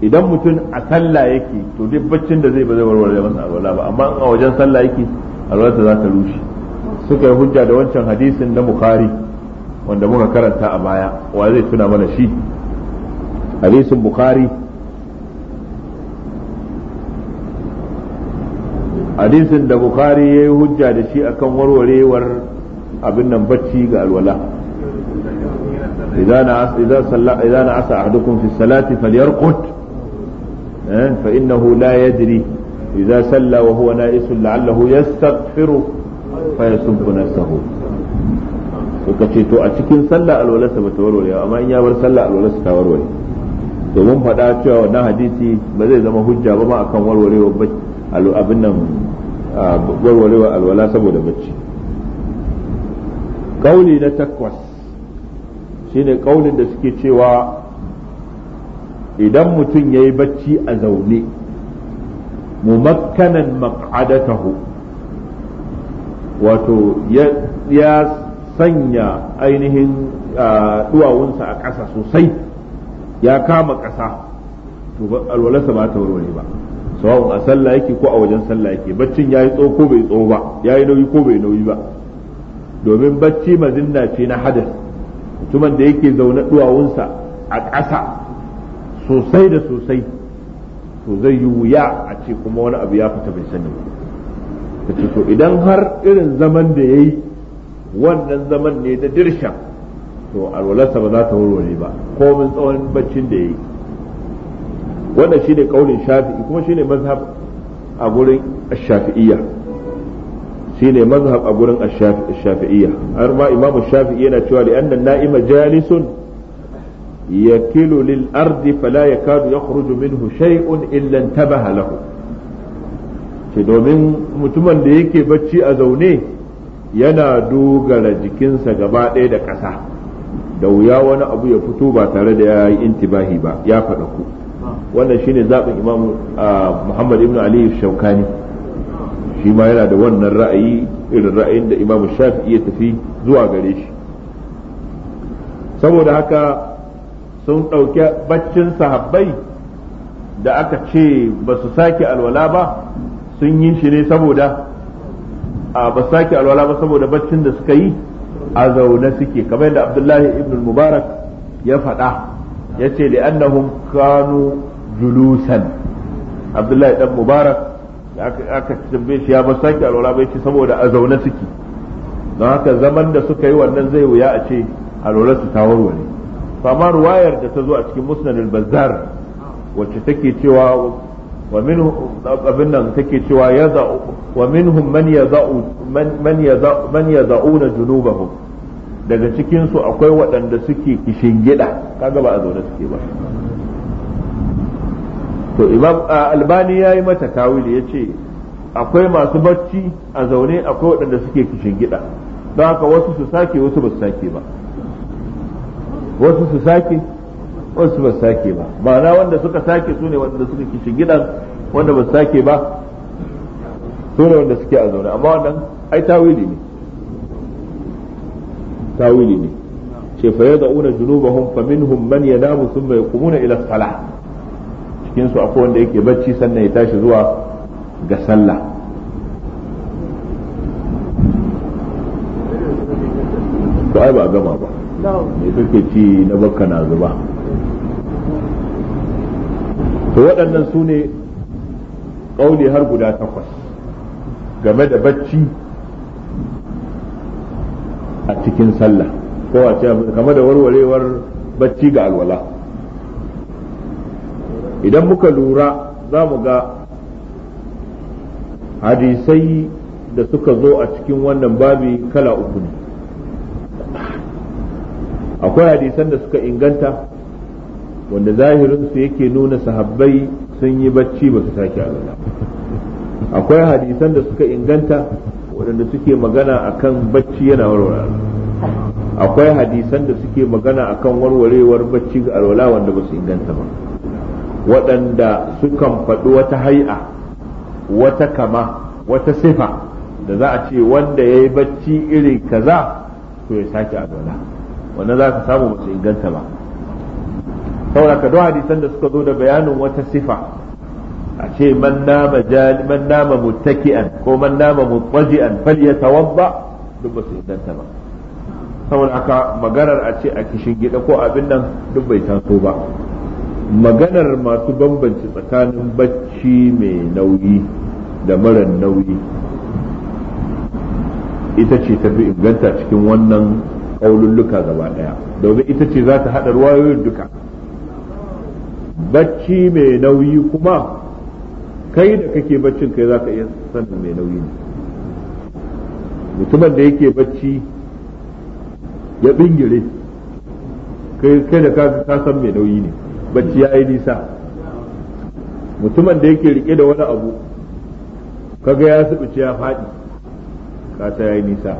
S1: idan mutum a sallah yake to duk baccin da zai ba zai warware masa alwala ba amma a wajen sallah yake alwalarsa za ta rushe suka yi hujja da wancan hadisin na bukhari wanda muka karanta a baya wa zai tuna mana shi hadisin bukhari hadisin da bukari ya yi hujja da shi akan warwarewar abin nan bacci ga alwala asa إذا نعس إذا صلى إذا نعس أحدكم في الصلاة فليرقد فإنه لا يدري إذا صلى وهو نائس لعله يستغفر kuka ce to a cikin sallah alwalarsa ba ta warware amma in ya bar sallah alwalarsa ta warware domin faɗa cewa wannan hadisi ba zai zama hujja ba ma akan warwarewa abin nan warwarewa alwala saboda bacci Ƙauli na takwas shine ƙaunin da suke cewa idan mutum ya yi bacci a zaune mumakkanan maq'adatahu wato ya sanya ainihin duwawunsa a ƙasa sosai ya kama ƙasa to alwalarsa ba ta warware ba sawa'un a sallah yake ko a wajen sallah yake baccin ya yi tso ko bai tso ba ya yi nauyi ko bai nauyi ba domin bacci mazinna ce na hadas mutumin da yake zaune duwawunsa a ƙasa sosai da sosai to zai yi wuya a ce kuma wani abu ya fita bai sani ba to idan har irin zaman da yayi wannan zaman ne da dirsha to alwalarsa ba za ta warware ba komin tsawon baccin da yayi wannan shine kaulin shafi'i kuma shine mazhab a gurin ash shine mazhab a gurin shafiiyya har ma imamu shafi'i yana cewa li anna na'ima jalisun yakilu lil ardi fala yakadu yakhruju minhu shay'un illan intabaha lahu ce domin mutumin da yake bacci a zaune yana dogara jikinsa gaba ɗaya da ƙasa da wuya wani abu ya fito ba tare da ya yi intibahi ba ya faɗa ku wannan shine zaɓin imam muhammad ibn ali shaukani shi ma yana da wannan ra'ayi irin ra'ayin da imam shafi'i ya tafi zuwa gare shi saboda haka sun ɗauki baccin sahabbai da aka ce ba su sake alwala ba sun yi shi ne saboda a ba sake alwala ba saboda baccin da suka yi a zaune suke kamar yadda abdullahi ibn mubarak ya faɗa yace li'annahum kanu julusan abdullahi dan mubarak aka tambaye shi ya ba sake alwala bai ce saboda a zaune suke don haka zaman da suka yi wannan zai wuya a ce alwala su ta warware fama ruwayar da ta zo a cikin musnad al-bazzar wacce take cewa wa minhu abin nan take cewa ya wa minhum man yaza man yaza man yaza'una junubahum daga cikinsu akwai waɗanda suke gida kaga ba a zaune suke ba to imam albani ya yi mata tawili ya ce akwai masu barci a zaune akwai waɗanda suke gida don haka wasu su sake wasu ba su sake ba wasu su sake wasu ba su sake ba ma'ana wanda suka sake su ne wanda suka kishingidan wanda ba su sake ba su ne wanda suke a zaune amma wannan ai tawili ne tawili ne ce fa yad'una junubahum faminhum man yanamu thumma yaqumuna ila sala cikin su akwai wanda yake bacci sannan ya tashi zuwa ga sallah to ai ba gama ba me kake ci na bakka na zuba to waɗannan su ne ƙauli har guda takwas game da bacci a cikin sallah ko a ce kamar da warwarewar bacci ga alwala idan muka lura za mu ga hadisai da suka zo a cikin wannan babi kala uku ne akwai hadisan da suka inganta wanda zahirinsu yake nuna sahabbai sun yi bacci ba su sake alwala akwai hadisan da suka inganta waɗanda suke magana akan bacci yana warware akwai hadisan da suke magana akan warwarewar bacci ga alwala wanda ba su inganta ba waɗanda sukan faɗi wata hai'a wata kama wata sifa da za a ce wanda ya yi bacci irin kaza to ya sake alwala wanda za ka samu ba su inganta ba saboda ka don hadisan da suka zo da bayanin wata sifa a ce man nama ko man nama muttaki'an ko man nama mutwaji'an ba duk ba su inganta ba saboda aka maganar a ce a kishin gida ko abin nan duk bai taso ba maganar masu bambanci tsakanin bacci mai nauyi da mara nauyi ita ce ta fi inganta cikin wannan ƙaululluka gaba ɗaya domin ita ce za ta haɗa ruwayoyin duka bacci mai nauyi kuma kai da kake baccin kai za ka iya sanin mai nauyi ne mutumin da yake bacci ya bingire kai kai da ka san mai nauyi ne bacci ya yi nisa mutumin da yake rike da wani abu kaga ya subuce ya faɗi kasa ya yi nisa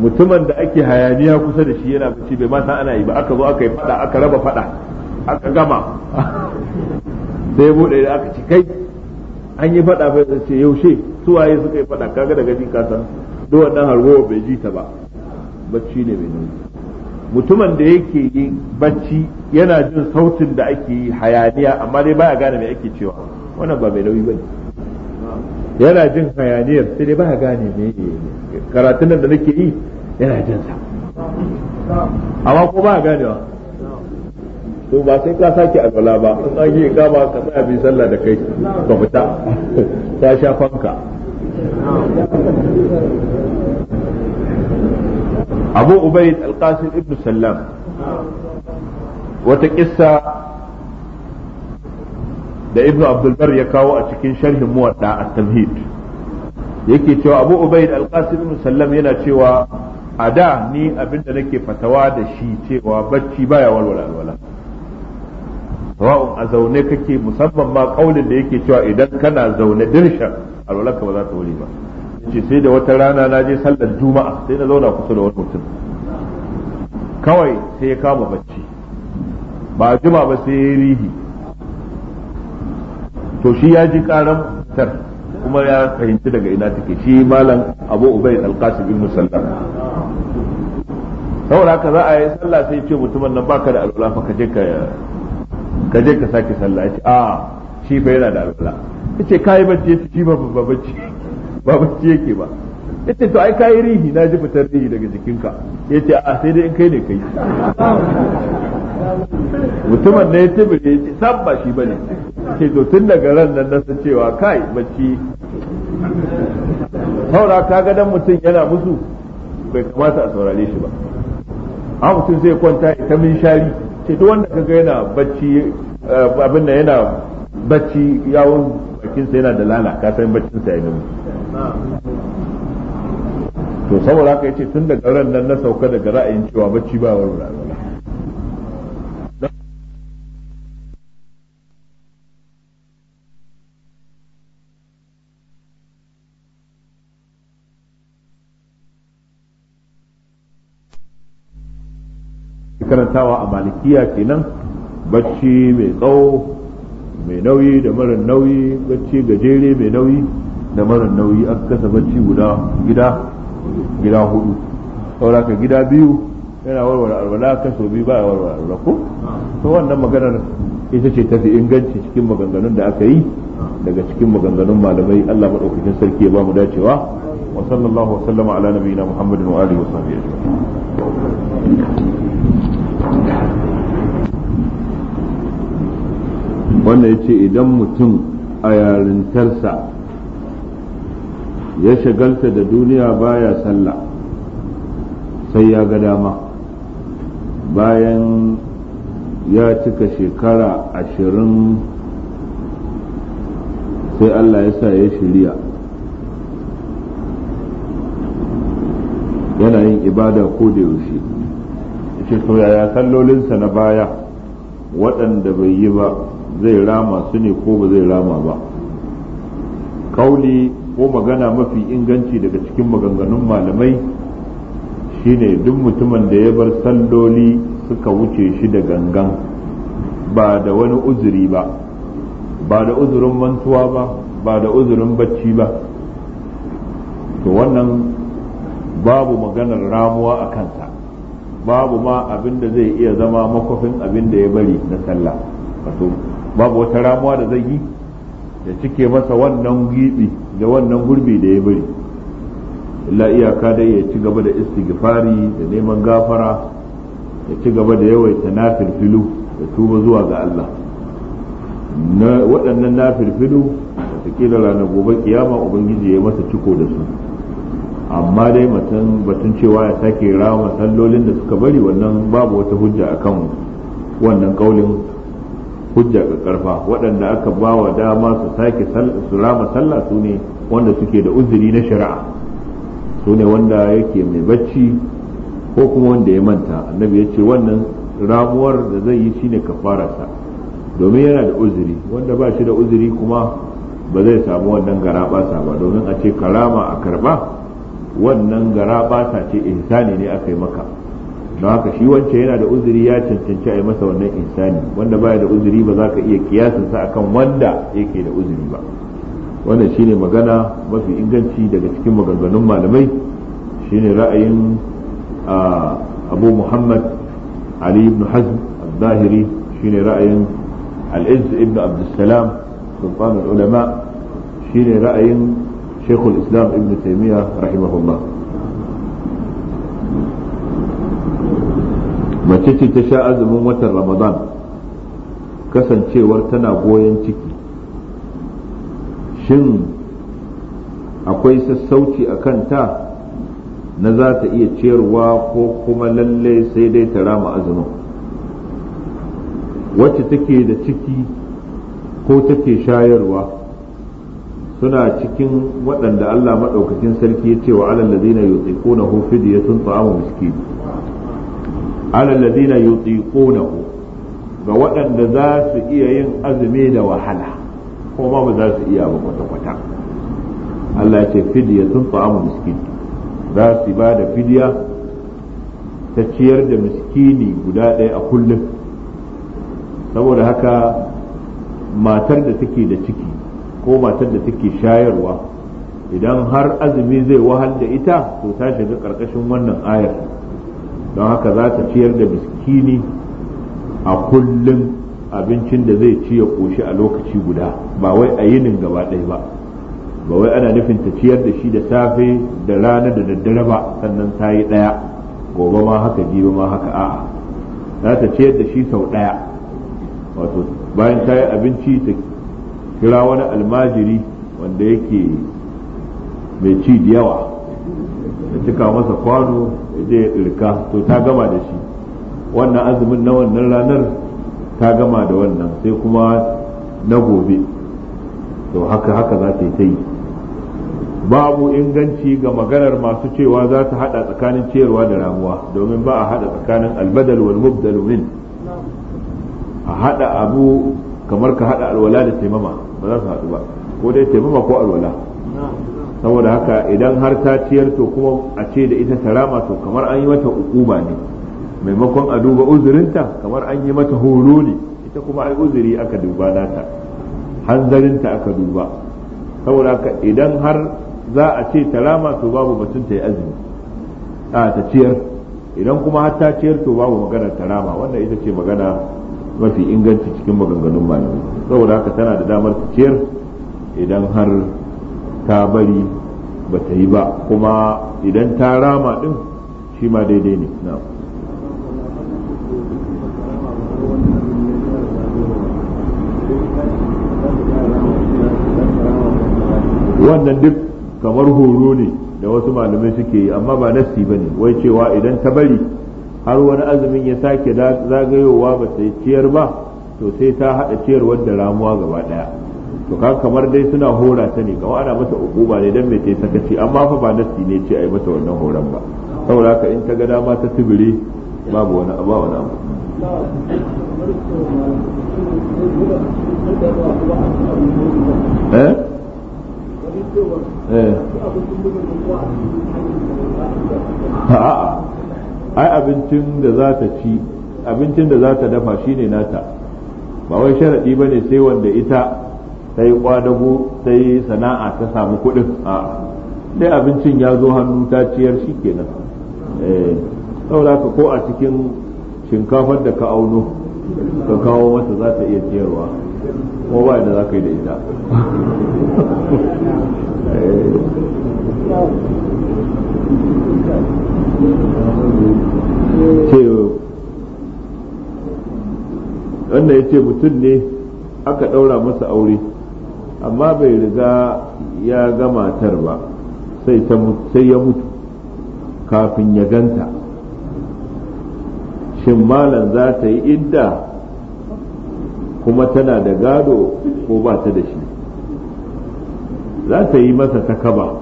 S1: mutumin da ake hayaniya kusa da shi yana bacci bai mata ana yi ba aka zo aka yi fada aka raba fada aka gama sai bude da aka ci kai an yi faɗa fa ce yaushe suwaye suka yi faɗa kaga daga jin kasa san duk wannan hargowa bai ji ta ba bacci ne bai nuna. mutumin da yake yi bacci yana jin sautin da ake yi hayaniya amma dai baya gane mai ake cewa wannan ba mai nauyi bane yana jin hayaniyar sai dai baya gane me karatun da nake yi yana jin sa amma ko baya ganewa to ba sai ka sake alwala ba in sake ka kama ka tsaya bi sallah da kai ka fita ta sha fanka abu ubaid qasim ibn sallam wata kissa da ibnu bar ya kawo a cikin sharhin muwadda at tamhid yake cewa abu ubaid qasim ibn sallam yana cewa a da ni abinda nake fatawa da shi cewa bacci baya walwala walwala sawa'un a zaune kake musamman ma kaulin da yake cewa idan kana zaune dirsha alwalarka ba za ta wuri ba ce sai da wata rana na je sallar juma'a sai na zauna kusa da wani mutum kawai sai ya kama bacci ba juma ba sai ya yi rihi to shi ya ji karan tar kuma ya fahimci daga ina take shi malam abu ubai alqasim ibn sallam saboda haka za a yi sallah sai ce mutumin nan baka da alwala fa ka je ka ka je ka sake sallah yace a ah, shi fa yana da alwala yace kai bacci yace shi ba bacci ba bacci yake ba yace to ai kai rihi na ji fitar rihi daga jikinka yace a ah, sai dai in kai ne kai mutumin da ya ya ce san ba shi bane ce to tun daga ran nan na san cewa kai bacci saura ka ga dan mutum yana musu bai kamata a saurare shi ba a mutum zai kwanta ya ta min shari ce duk wanda kaga yana bacci eh, abin da yana bacci yawon bakinsa yana da lala ka san baccinsa ya namu to saboda haka yace tun daga ran nan na sauka daga ra'ayin cewa bacci ba wani karantawa a malikiya kenan bacci mai tsawo mai nauyi da mara nauyi bacci gajere mai nauyi da mara nauyi aka kasa bacci guda gida gida hudu ka gida biyu yana warware alwala kaso biyu ba ya warware alwala ko to wannan maganar ita ce ta fi inganci cikin maganganun da aka yi daga cikin maganganun malamai Allah madaukakin sarki ya ba mu dacewa wa sallallahu wa sallama ala nabiyina Muhammadin wa alihi wa sahbihi wanda ya ce idan mutum a yarintarsa ya shagalta da duniya baya sallah sai ya ga dama bayan ya cika shekara ashirin sai Allah ya sa ya shirya yana yin ibada ko da yaushe ce to yaya sallolinsa na baya waɗanda bai yi ba zai rama su ne ko ba zai rama ba kauli ko magana mafi inganci daga cikin maganganun malamai shine duk mutumin da ya bar salloli suka wuce shi da gangan ba da wani uzuri ba ba da uzurin mantuwa ba ba da uzurin bacci ba to wannan babu maganar ramuwa a kansa babu ma abin da zai iya zama makofin abin da ya bari na sallah wato babu wata ramuwa da zai yi ya cike masa wannan gibi da wannan gurbi da ya bari illa iyaka dai ya ci gaba da istighfari da neman gafara ya ci gaba da yawaita nafirfilu da tuba zuwa ga Allah waɗannan nafirfilu da da ranar gobe kiyama ubangiji ya masa ciko da su amma dai mutum batun cewa ya sake rawa sallolin da suka bari wannan babu wata hujja kan wannan kaulin hujja ga karfa waɗanda aka ba wa dama su sake su rama sallah su ne wanda suke da uzuri na shari'a su ne wanda yake mai bacci ko kuma wanda ya manta annabi ya ce wannan ramuwar da zai yi shine kafararsa domin yana da uzuri wanda ba shi da uzuri kuma ba zai samu wannan garaɓasa ba domin a ce karama a karba wannan gara bata ce insani ne aka yi maka don haka shi wance yana da uzuri ya cancanci a yi masa wannan insani wanda baya da uzuri ba za ka iya sa akan wanda yake da uzuri ba wannan shine magana mafi inganci daga cikin maganganun malamai shine ra'ayin abu muhammad ali ibn hazm al-zahiri shine ra'ayin al-izz ibn abdussalam sultanul ulama shine ra'ayin شيخ الإسلام ابن تيمية رحمه الله mace ce ta sha azumin watan ramadan kasancewar tana goyon ciki shin akwai sassauci a kanta na za ta iya ciyarwa ko kuma lalle sai dai ta rama azumin wacce take da ciki ko take shayarwa suna cikin waɗanda Allah maɗaukakin sarki ya ce wa alal ladina yutiqunahu fidyatun ta'amu miskin alal ladina yutiqunahu ga waɗanda za su iya yin azumi da wahala ko ma ba za su iya ba kwata kwata Allah ya ce sun ta'amu miskin za su ba da fidiya ta ciyar da miskini guda ɗaya a kullum saboda haka matar da take da ciki ko matar da take shayarwa idan har azumi zai wahal da ita to ta shiga ƙarƙashin wannan ayar don haka za ta ciyar da biskini a kullum abincin da zai ci ya ƙoshi a lokaci guda ba wai a yinin gaba ɗaya ba ba wai ana nufin ta ciyar da shi da safe da rana da daddare ba sannan ta yi ɗaya gobe ma haka jibi ma haka a'a za ta ciyar da shi sau ɗaya wato bayan ta yi abinci ta kira wani almajiri wanda yake mai ci da yawa da cika masa kwano ya je ya ɗirka to ta gama da shi wannan azumin na wannan ranar ta gama da wannan sai kuma na gobe to haka haka za ta yi ta yi babu inganci ga maganar masu cewa za ta hada tsakanin ciyarwa da ramuwa domin ba a hada tsakanin albadal wal mubdal a hada abu kamar ka hada alwala da taimama ba za su haɗu ba ko dai taimama ko alwala saboda haka idan har ta ciyar to kuma a ce da ita ta rama to kamar an yi mata ukuba ne maimakon a duba uzurinta kamar an yi mata horo ne ita kuma ai uzuri aka duba nata hanzarinta aka duba saboda haka idan har za a ce ta rama to babu batun ta yi azumi a ta ciyar idan kuma har ta ciyar to babu magana ta rama wannan ita ce magana mafi inganci cikin maganganun malamai saboda haka tana da damar ta ciyar idan har ta bari ba ta yi ba kuma idan ta rama din shi ma daidai ne na. wannan duk kamar horo ne da wasu malamai suke yi amma ba ba ne wai cewa idan ta bari har wani azumin ya sake zagayowa ba sai ciyar ba to sai ta haɗa ciyarwar da ramuwa gaba ɗaya to ka kamar dai suna hora ta ne kawai ana mata ukuba ne dan mai ta sakaci amma fa ba nasti ne ce ai mata wannan horon ba saboda ka in ta ga dama ta tubiri babu wani abu wani abu eh
S2: eh a'a
S1: ai abincin da za ta ci abincin da za ta dafa ne nata ba wai sharaɗi ba ne sai wanda ita ta yi kwadago ta yi sana'a ta samu kuɗin a dai abincin ya zo hannu ta ciyar shi kenan eh, saboda ka ko a cikin shinkafar da ka auno ka kawo mata za ta iya ciyarwa kuma ba da za ka yi da ita eh. wannan ya ce mutum ne aka ɗaura masa aure amma bai riga ya ga matar ba sai ya mutu kafin ya ganta shin malam za ta yi idda kuma tana da gado ko ba ta da shi za ta yi masa takaba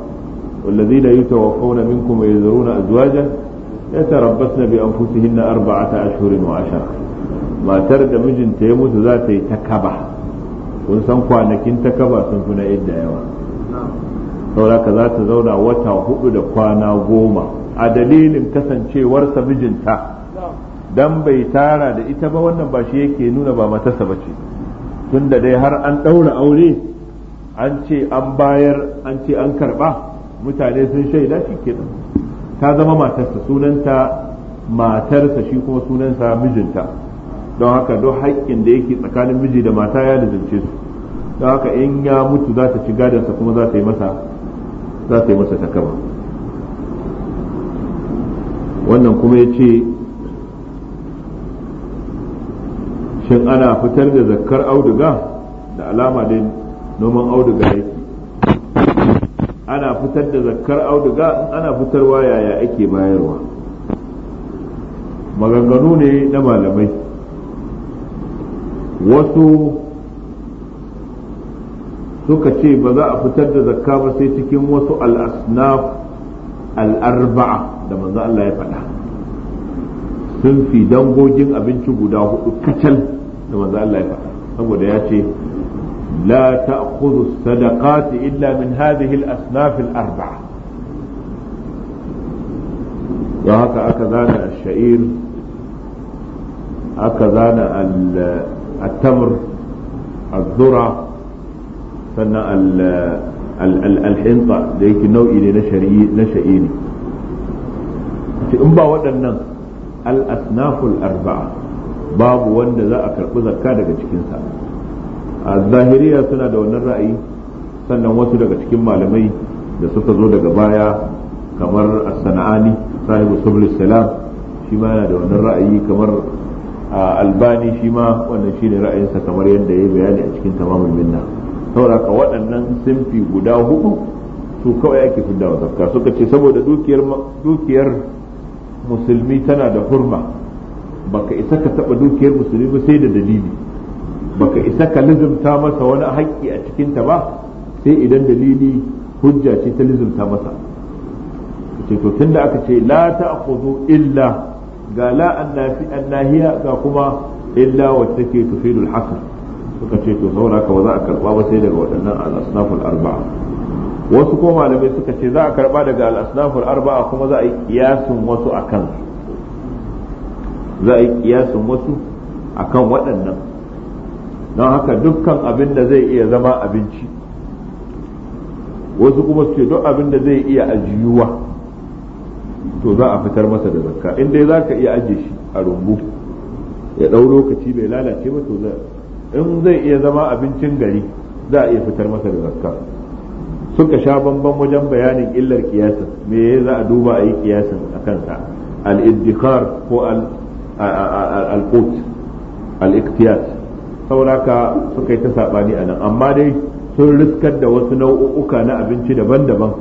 S1: والذين يتوفون منكم ويذرون أزواجا يتربصن بأنفسهن أربعة أشهر وعشرة ما ترد مجن matar da mijinta ya mutu kwanakin ta kaba sun fi na yadda yawa sauraka za ta zauna wata hudu da kwana goma a dalilin kasancewarsa mijinta dan bai tara da ita ba wannan ba shi yake nuna ba matarsa ba ce da dai har an ɗaura aure an ce an bayar an ce an karɓa mutane sun shaida shi kenan ta zama matarsa sunanta matarsa shi kuma sunansa mijinta don haka don haƙƙin da yake tsakanin miji da mata ya lizince su don haka in ya mutu za ta ci gadansa kuma za ta yi masa za ta yi masa takaba wannan kuma ya ce shin ana fitar da zakkar auduga da alama da noman auduga yake ana fitar da zakkar auduga ana fitarwa yaya ake bayarwa maganganu ne na malamai wasu suka ce ba za a fitar da zakka ba sai cikin wasu al'asnaf al'arba'a da manzo Allah ya faɗa sun fi dangogin abinci guda hudu kacal da manzo Allah ya faɗa saboda ya ce لا تأخذ الصدقات إلا من هذه الأصناف الأربعة وهكا أكذانا الشعير أكذانا التمر الذرة سنة الحنطة ديك نوعي نشئي in ba ودنا الأصناف الأربعة باب wanda za a karɓi zakka daga cikinsa a zahiriya suna da wannan ra'ayi sannan wasu daga cikin malamai da suka zo daga baya kamar as-sana'ani sahibu subul salam shi ma yana da wannan ra'ayi kamar albani shi ma wannan shi ne ra'ayinsa kamar yadda ya bayani a cikin tamamin minna sauraka waɗannan simfi guda hukun su kawai ake fidda wa zakka suka ce saboda dukiyar musulmi tana da hurma baka isa ka taɓa dukiyar musulmi ba sai da dalili baka isa ka lizumta masa wani haƙƙi a cikinta ba sai idan dalili hujja ce ta lizumta masa ce to da aka ce la ta'khudhu illa ga la annafi annahiya ga kuma illa wacce take tufidul hasr suka ce to saboda ba za a karba ba sai daga waɗannan al arba'a wasu ko malamai suka ce za a karba daga al arba'a kuma za a yi kiyasin wasu akan za a yi kiyasin wasu akan waɗannan don haka dukkan abin da zai iya zama abinci wasu kuma su ce duk abin da zai iya ajiyuwa to za a fitar masa da zakka in dai za ka iya ajiye shi a rumbu ya ɗau lokaci bai lalace ba to za in zai iya zama abincin gari za a iya fitar masa da zakka suka sha bamban wajen bayanin illar kiyasin me za a duba a yi kiyasin a kansa al-iddikar ko al-qut al sauraka suka yi ta saɓani a nan amma dai sun riskar da wasu nau'uka na abinci daban-daban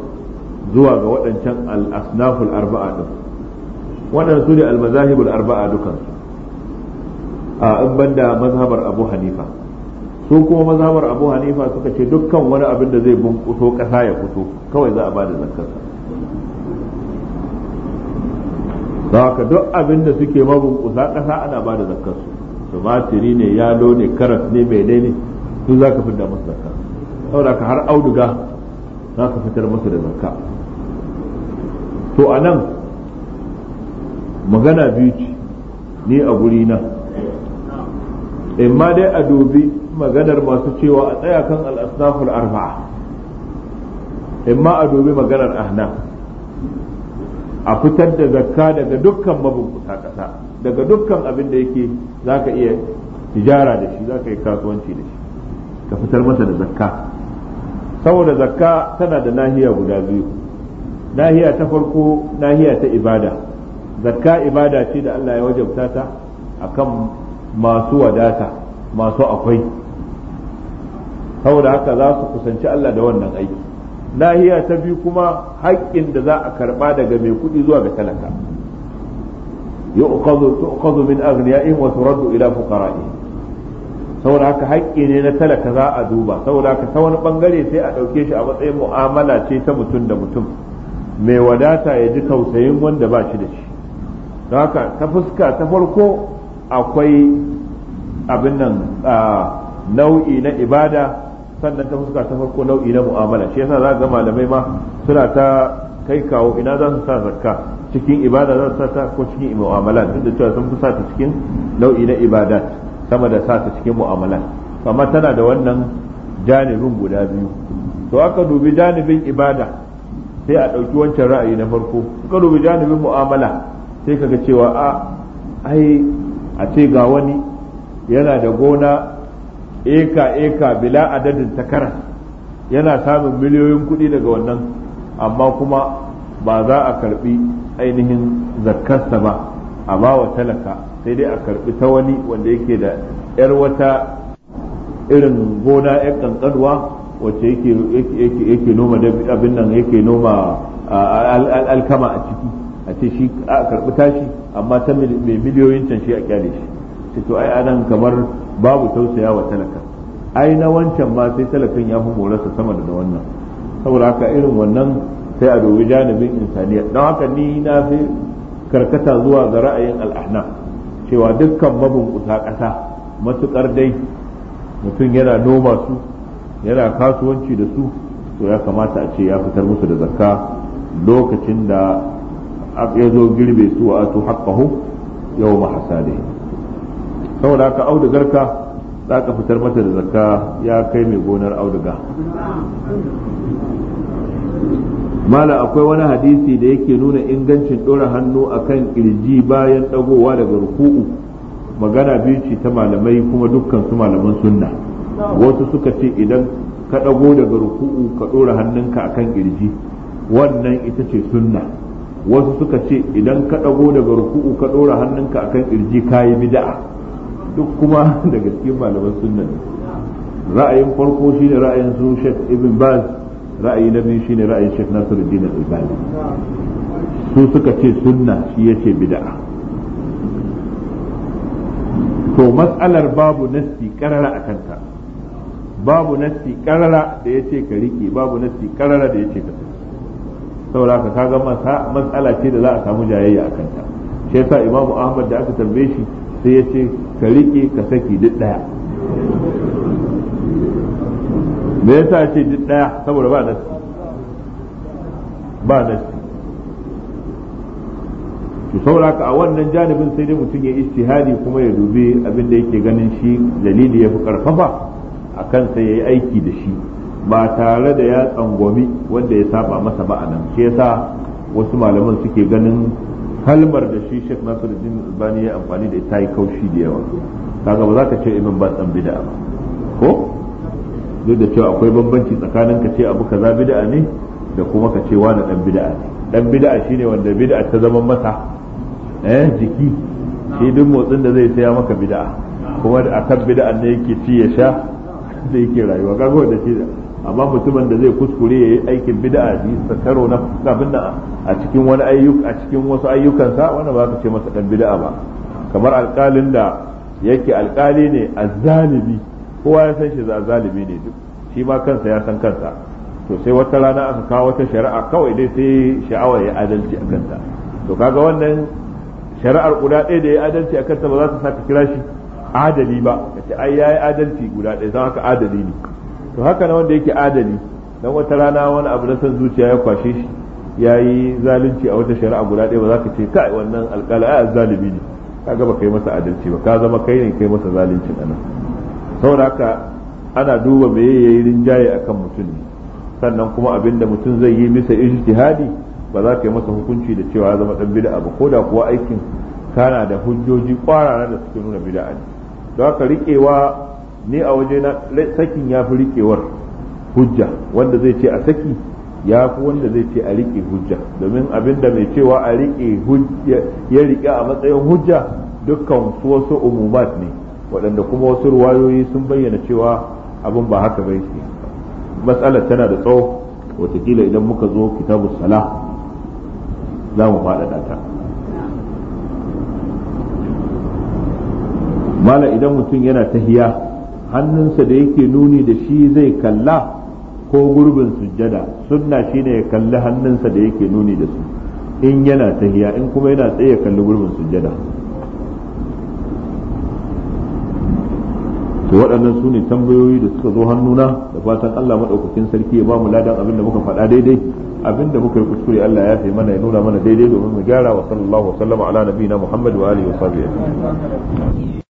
S1: zuwa ga waɗancan al'asnaful arba'a ɗin waɗanda su ne almazahibul arba'a dukansu a in banda mazhabar abu hanifa su kuma mazhabar abu hanifa suka ce dukkan wani abin da zai bunkuso ƙasa ya fito kawai za a ba da zakarsa da haka duk abin da suke mabunkusa ƙasa ana ba da zakarsu tumatiri ne yalo ne karas ne mai ne su za ka fidda masa zakka saboda ka har auduga za ka fitar masa da zakka to a nan magana biyu ce ni a guri na imma dai a dubi maganar masu cewa a tsaya kan al'asnaful arba'a imma a dubi maganar ahna a fitar da zakka daga dukkan mabukata ƙasa daga dukkan abin da yake za ka iya tijara da shi za ka yi kasuwanci da shi ka fitar masa da zakka saboda zakka tana da nahiya guda biyu nahiya ta farko nahiya ta ibada zakka ibada ce da Allah ya wajabta ta akan masu wadata masu akwai saboda haka za su kusanci Allah da wannan aiki nahiya ta biyu kuma haƙƙin da za a karɓa daga mai kuɗi zuwa ga talaka yu'khadhu tu'khadhu min aghniya'ihim wa turaddu ila fuqara'ihim saboda haka haƙƙi ne na talaka za a duba saboda haka ta wani bangare sai a ɗauke shi a matsayin mu'amala ce ta mutum da mutum mai wadata ya ji tausayin wanda ba shi da shi don haka ta fuska ta farko akwai abin nan nau'i na ibada sannan ta fuska ta farko nau'i na mu'amala shi yasa za ga malamai ma suna ta kai kawo ina za su sa zakka cikin ibada za su ta ko cikin mu'amalat duk da cewa sun fi sa ta cikin nau'i na ibada sama da sa ta cikin mu'amala. amma tana da wannan janibin guda biyu to aka dubi janibin ibada sai a ɗauki wancan ra'ayi na farko aka dubi janibin mu'amala sai kaga cewa a ai a ce ga wani yana da gona eka eka bila adadin takara yana samun miliyoyin kuɗi daga wannan amma kuma ba za a karɓi. ainihin zakarsa ba a bawa talaka sai dai a karbi ta wani wanda yake da yar wata irin gona yan kankanwa wacce yake noma abin nan yake noma alkama a ciki a ce shi a karbi tashi amma ta mai miliyoyin can shi a kyale shi to ai anan kamar babu tausaya wa talaka ai na wancan ma sai talakan ya fi morarsa sama da wannan saboda haka irin wannan sai a dubi janibin insaniya don haka ni na fi karkata zuwa ga ra'ayin al'ahna cewa dukkan kusa ƙasa matukar dai mutum yana noma su yana kasuwanci da su to ya kamata a ce ya fitar musu da zakka lokacin da ya zo girbe su wa atu yau yawma hasadihi saboda haka audugarka za ka fitar mata da zakka ya kai mai gonar auduga mala akwai wani hadisi da yake nuna ingancin ɗora hannu akan kirji bayan ɗagowa daga ruku'u magana biyu ce ta malamai kuma dukkan su malaman sunna wasu suka ce idan ka ɗago daga ruku'u ka ɗora hannunka akan kirji wannan ita ce sunna wasu suka ce idan ka ɗago daga ruku'u ka ɗora hannunka akan kirji yi bid'a duk kuma daga cikin malaman sunna ra'ayin farko shine ra'ayin sun Ibn Baz ra'ayi na biyu shine ra'ayin Sheikh Nasiruddin Al-Albani su suka ce sunna shi yace bid'a to mas'alar babu nassi karara a kanta babu nassi karara da yace ka rike babu nassi karara da yace ka saboda ka kaga mas'ala ce da za a samu jayayya a kanta shi yasa Imam Ahmad da aka tambaye shi sai yace ka rike ka saki duk daya me yasa ce duk daya saboda ba nasi ba nasi to saboda a wannan janibin sai dai mutum ya istihadi kuma ya dubi abin da yake ganin shi dalili ya fi karfafa a kansa ya yi aiki da shi ba tare da ya tsangwami wanda ya saba masa ba a nan shi yasa wasu malaman suke ganin kalmar da shi Sheikh Nasiruddin Albani ya amfani da ita yi kaushi da yawa kaga ba za ka ce imin ba dan bid'a ba ko duk da cewa akwai bambanci tsakanin ka ce abu kaza bid'a ne da kuma ka ce wani dan bid'a ne dan bid'a shine wanda bid'a ta zama masa eh jiki shi duk motsin da zai saya maka bid'a kuma da akan bid'a ne yake ci ya sha da yake rayuwa kaga wanda shi amma mutumin da zai kuskure ya yi aikin bid'a shi sakaro na kafin da a cikin wani ayyuka a cikin wasu ayyukansa wanda ba ka ce masa dan bid'a ba kamar alƙalin da yake alƙali ne azzalimi kowa ya san shi za zalimi ne duk shi ma kansa ya san kansa to sai wata rana aka kawo wata shari'a kawai dai sai sha'awar ya adalci a kanta to kaga wannan shari'ar guda ɗaya da ya adalci a kanta ba za ta saka kira shi adali ba ka ce ai yayi adalci guda ɗaya don haka adali ne to haka na wanda yake adali dan wata rana wani abu na san zuciya ya kwashe shi ya yi zalunci a wata shari'a guda ɗaya ba za ka ce kai wannan alƙala ai zalimi ne kaga ba kai masa adalci ba ka zama kai ne kai masa zalunci anan saboda haka ana duba me yayi rinjaye akan mutum ne sannan kuma abin da mutum zai yi misa ijtihadi ba za ka yi masa hukunci da cewa zama dan bid'a ba koda kuwa aikin kana da hujjoji kwarara da suke nuna bid'a ne don haka riƙewa ni a waje na sakin ya fi riƙewar hujja wanda zai ce a saki ya fi wanda zai ce a riƙe hujja domin abin da mai cewa a riƙe ya riƙe a matsayin hujja dukkan wasu umumat ne waɗanda kuma wasu ruwayoyi sun bayyana cewa abin ba haka bai shi matsalar tana da tsawo watakila idan muka zo kitabu sala za mu faɗaɗa ta mala idan mutum yana tahiya hannunsa da yake nuni da shi zai kalla ko gurbin sujjada sunna shine ya kalli hannunsa da yake nuni da su in yana tahiya in kuma yana tsaye kalli gurbin sujjada to waɗannan su ne tambayoyi da suka zo hannuna da fatan Allah maɗaukakin sarki ya ba mu ladan abin da muka faɗa daidai abin da muka yi kuskure Allah ya fi mana ya nuna mana daidai domin mu gyara wa sallallahu wa sallama ala nabiyina Muhammad wa alihi wa
S2: sahbihi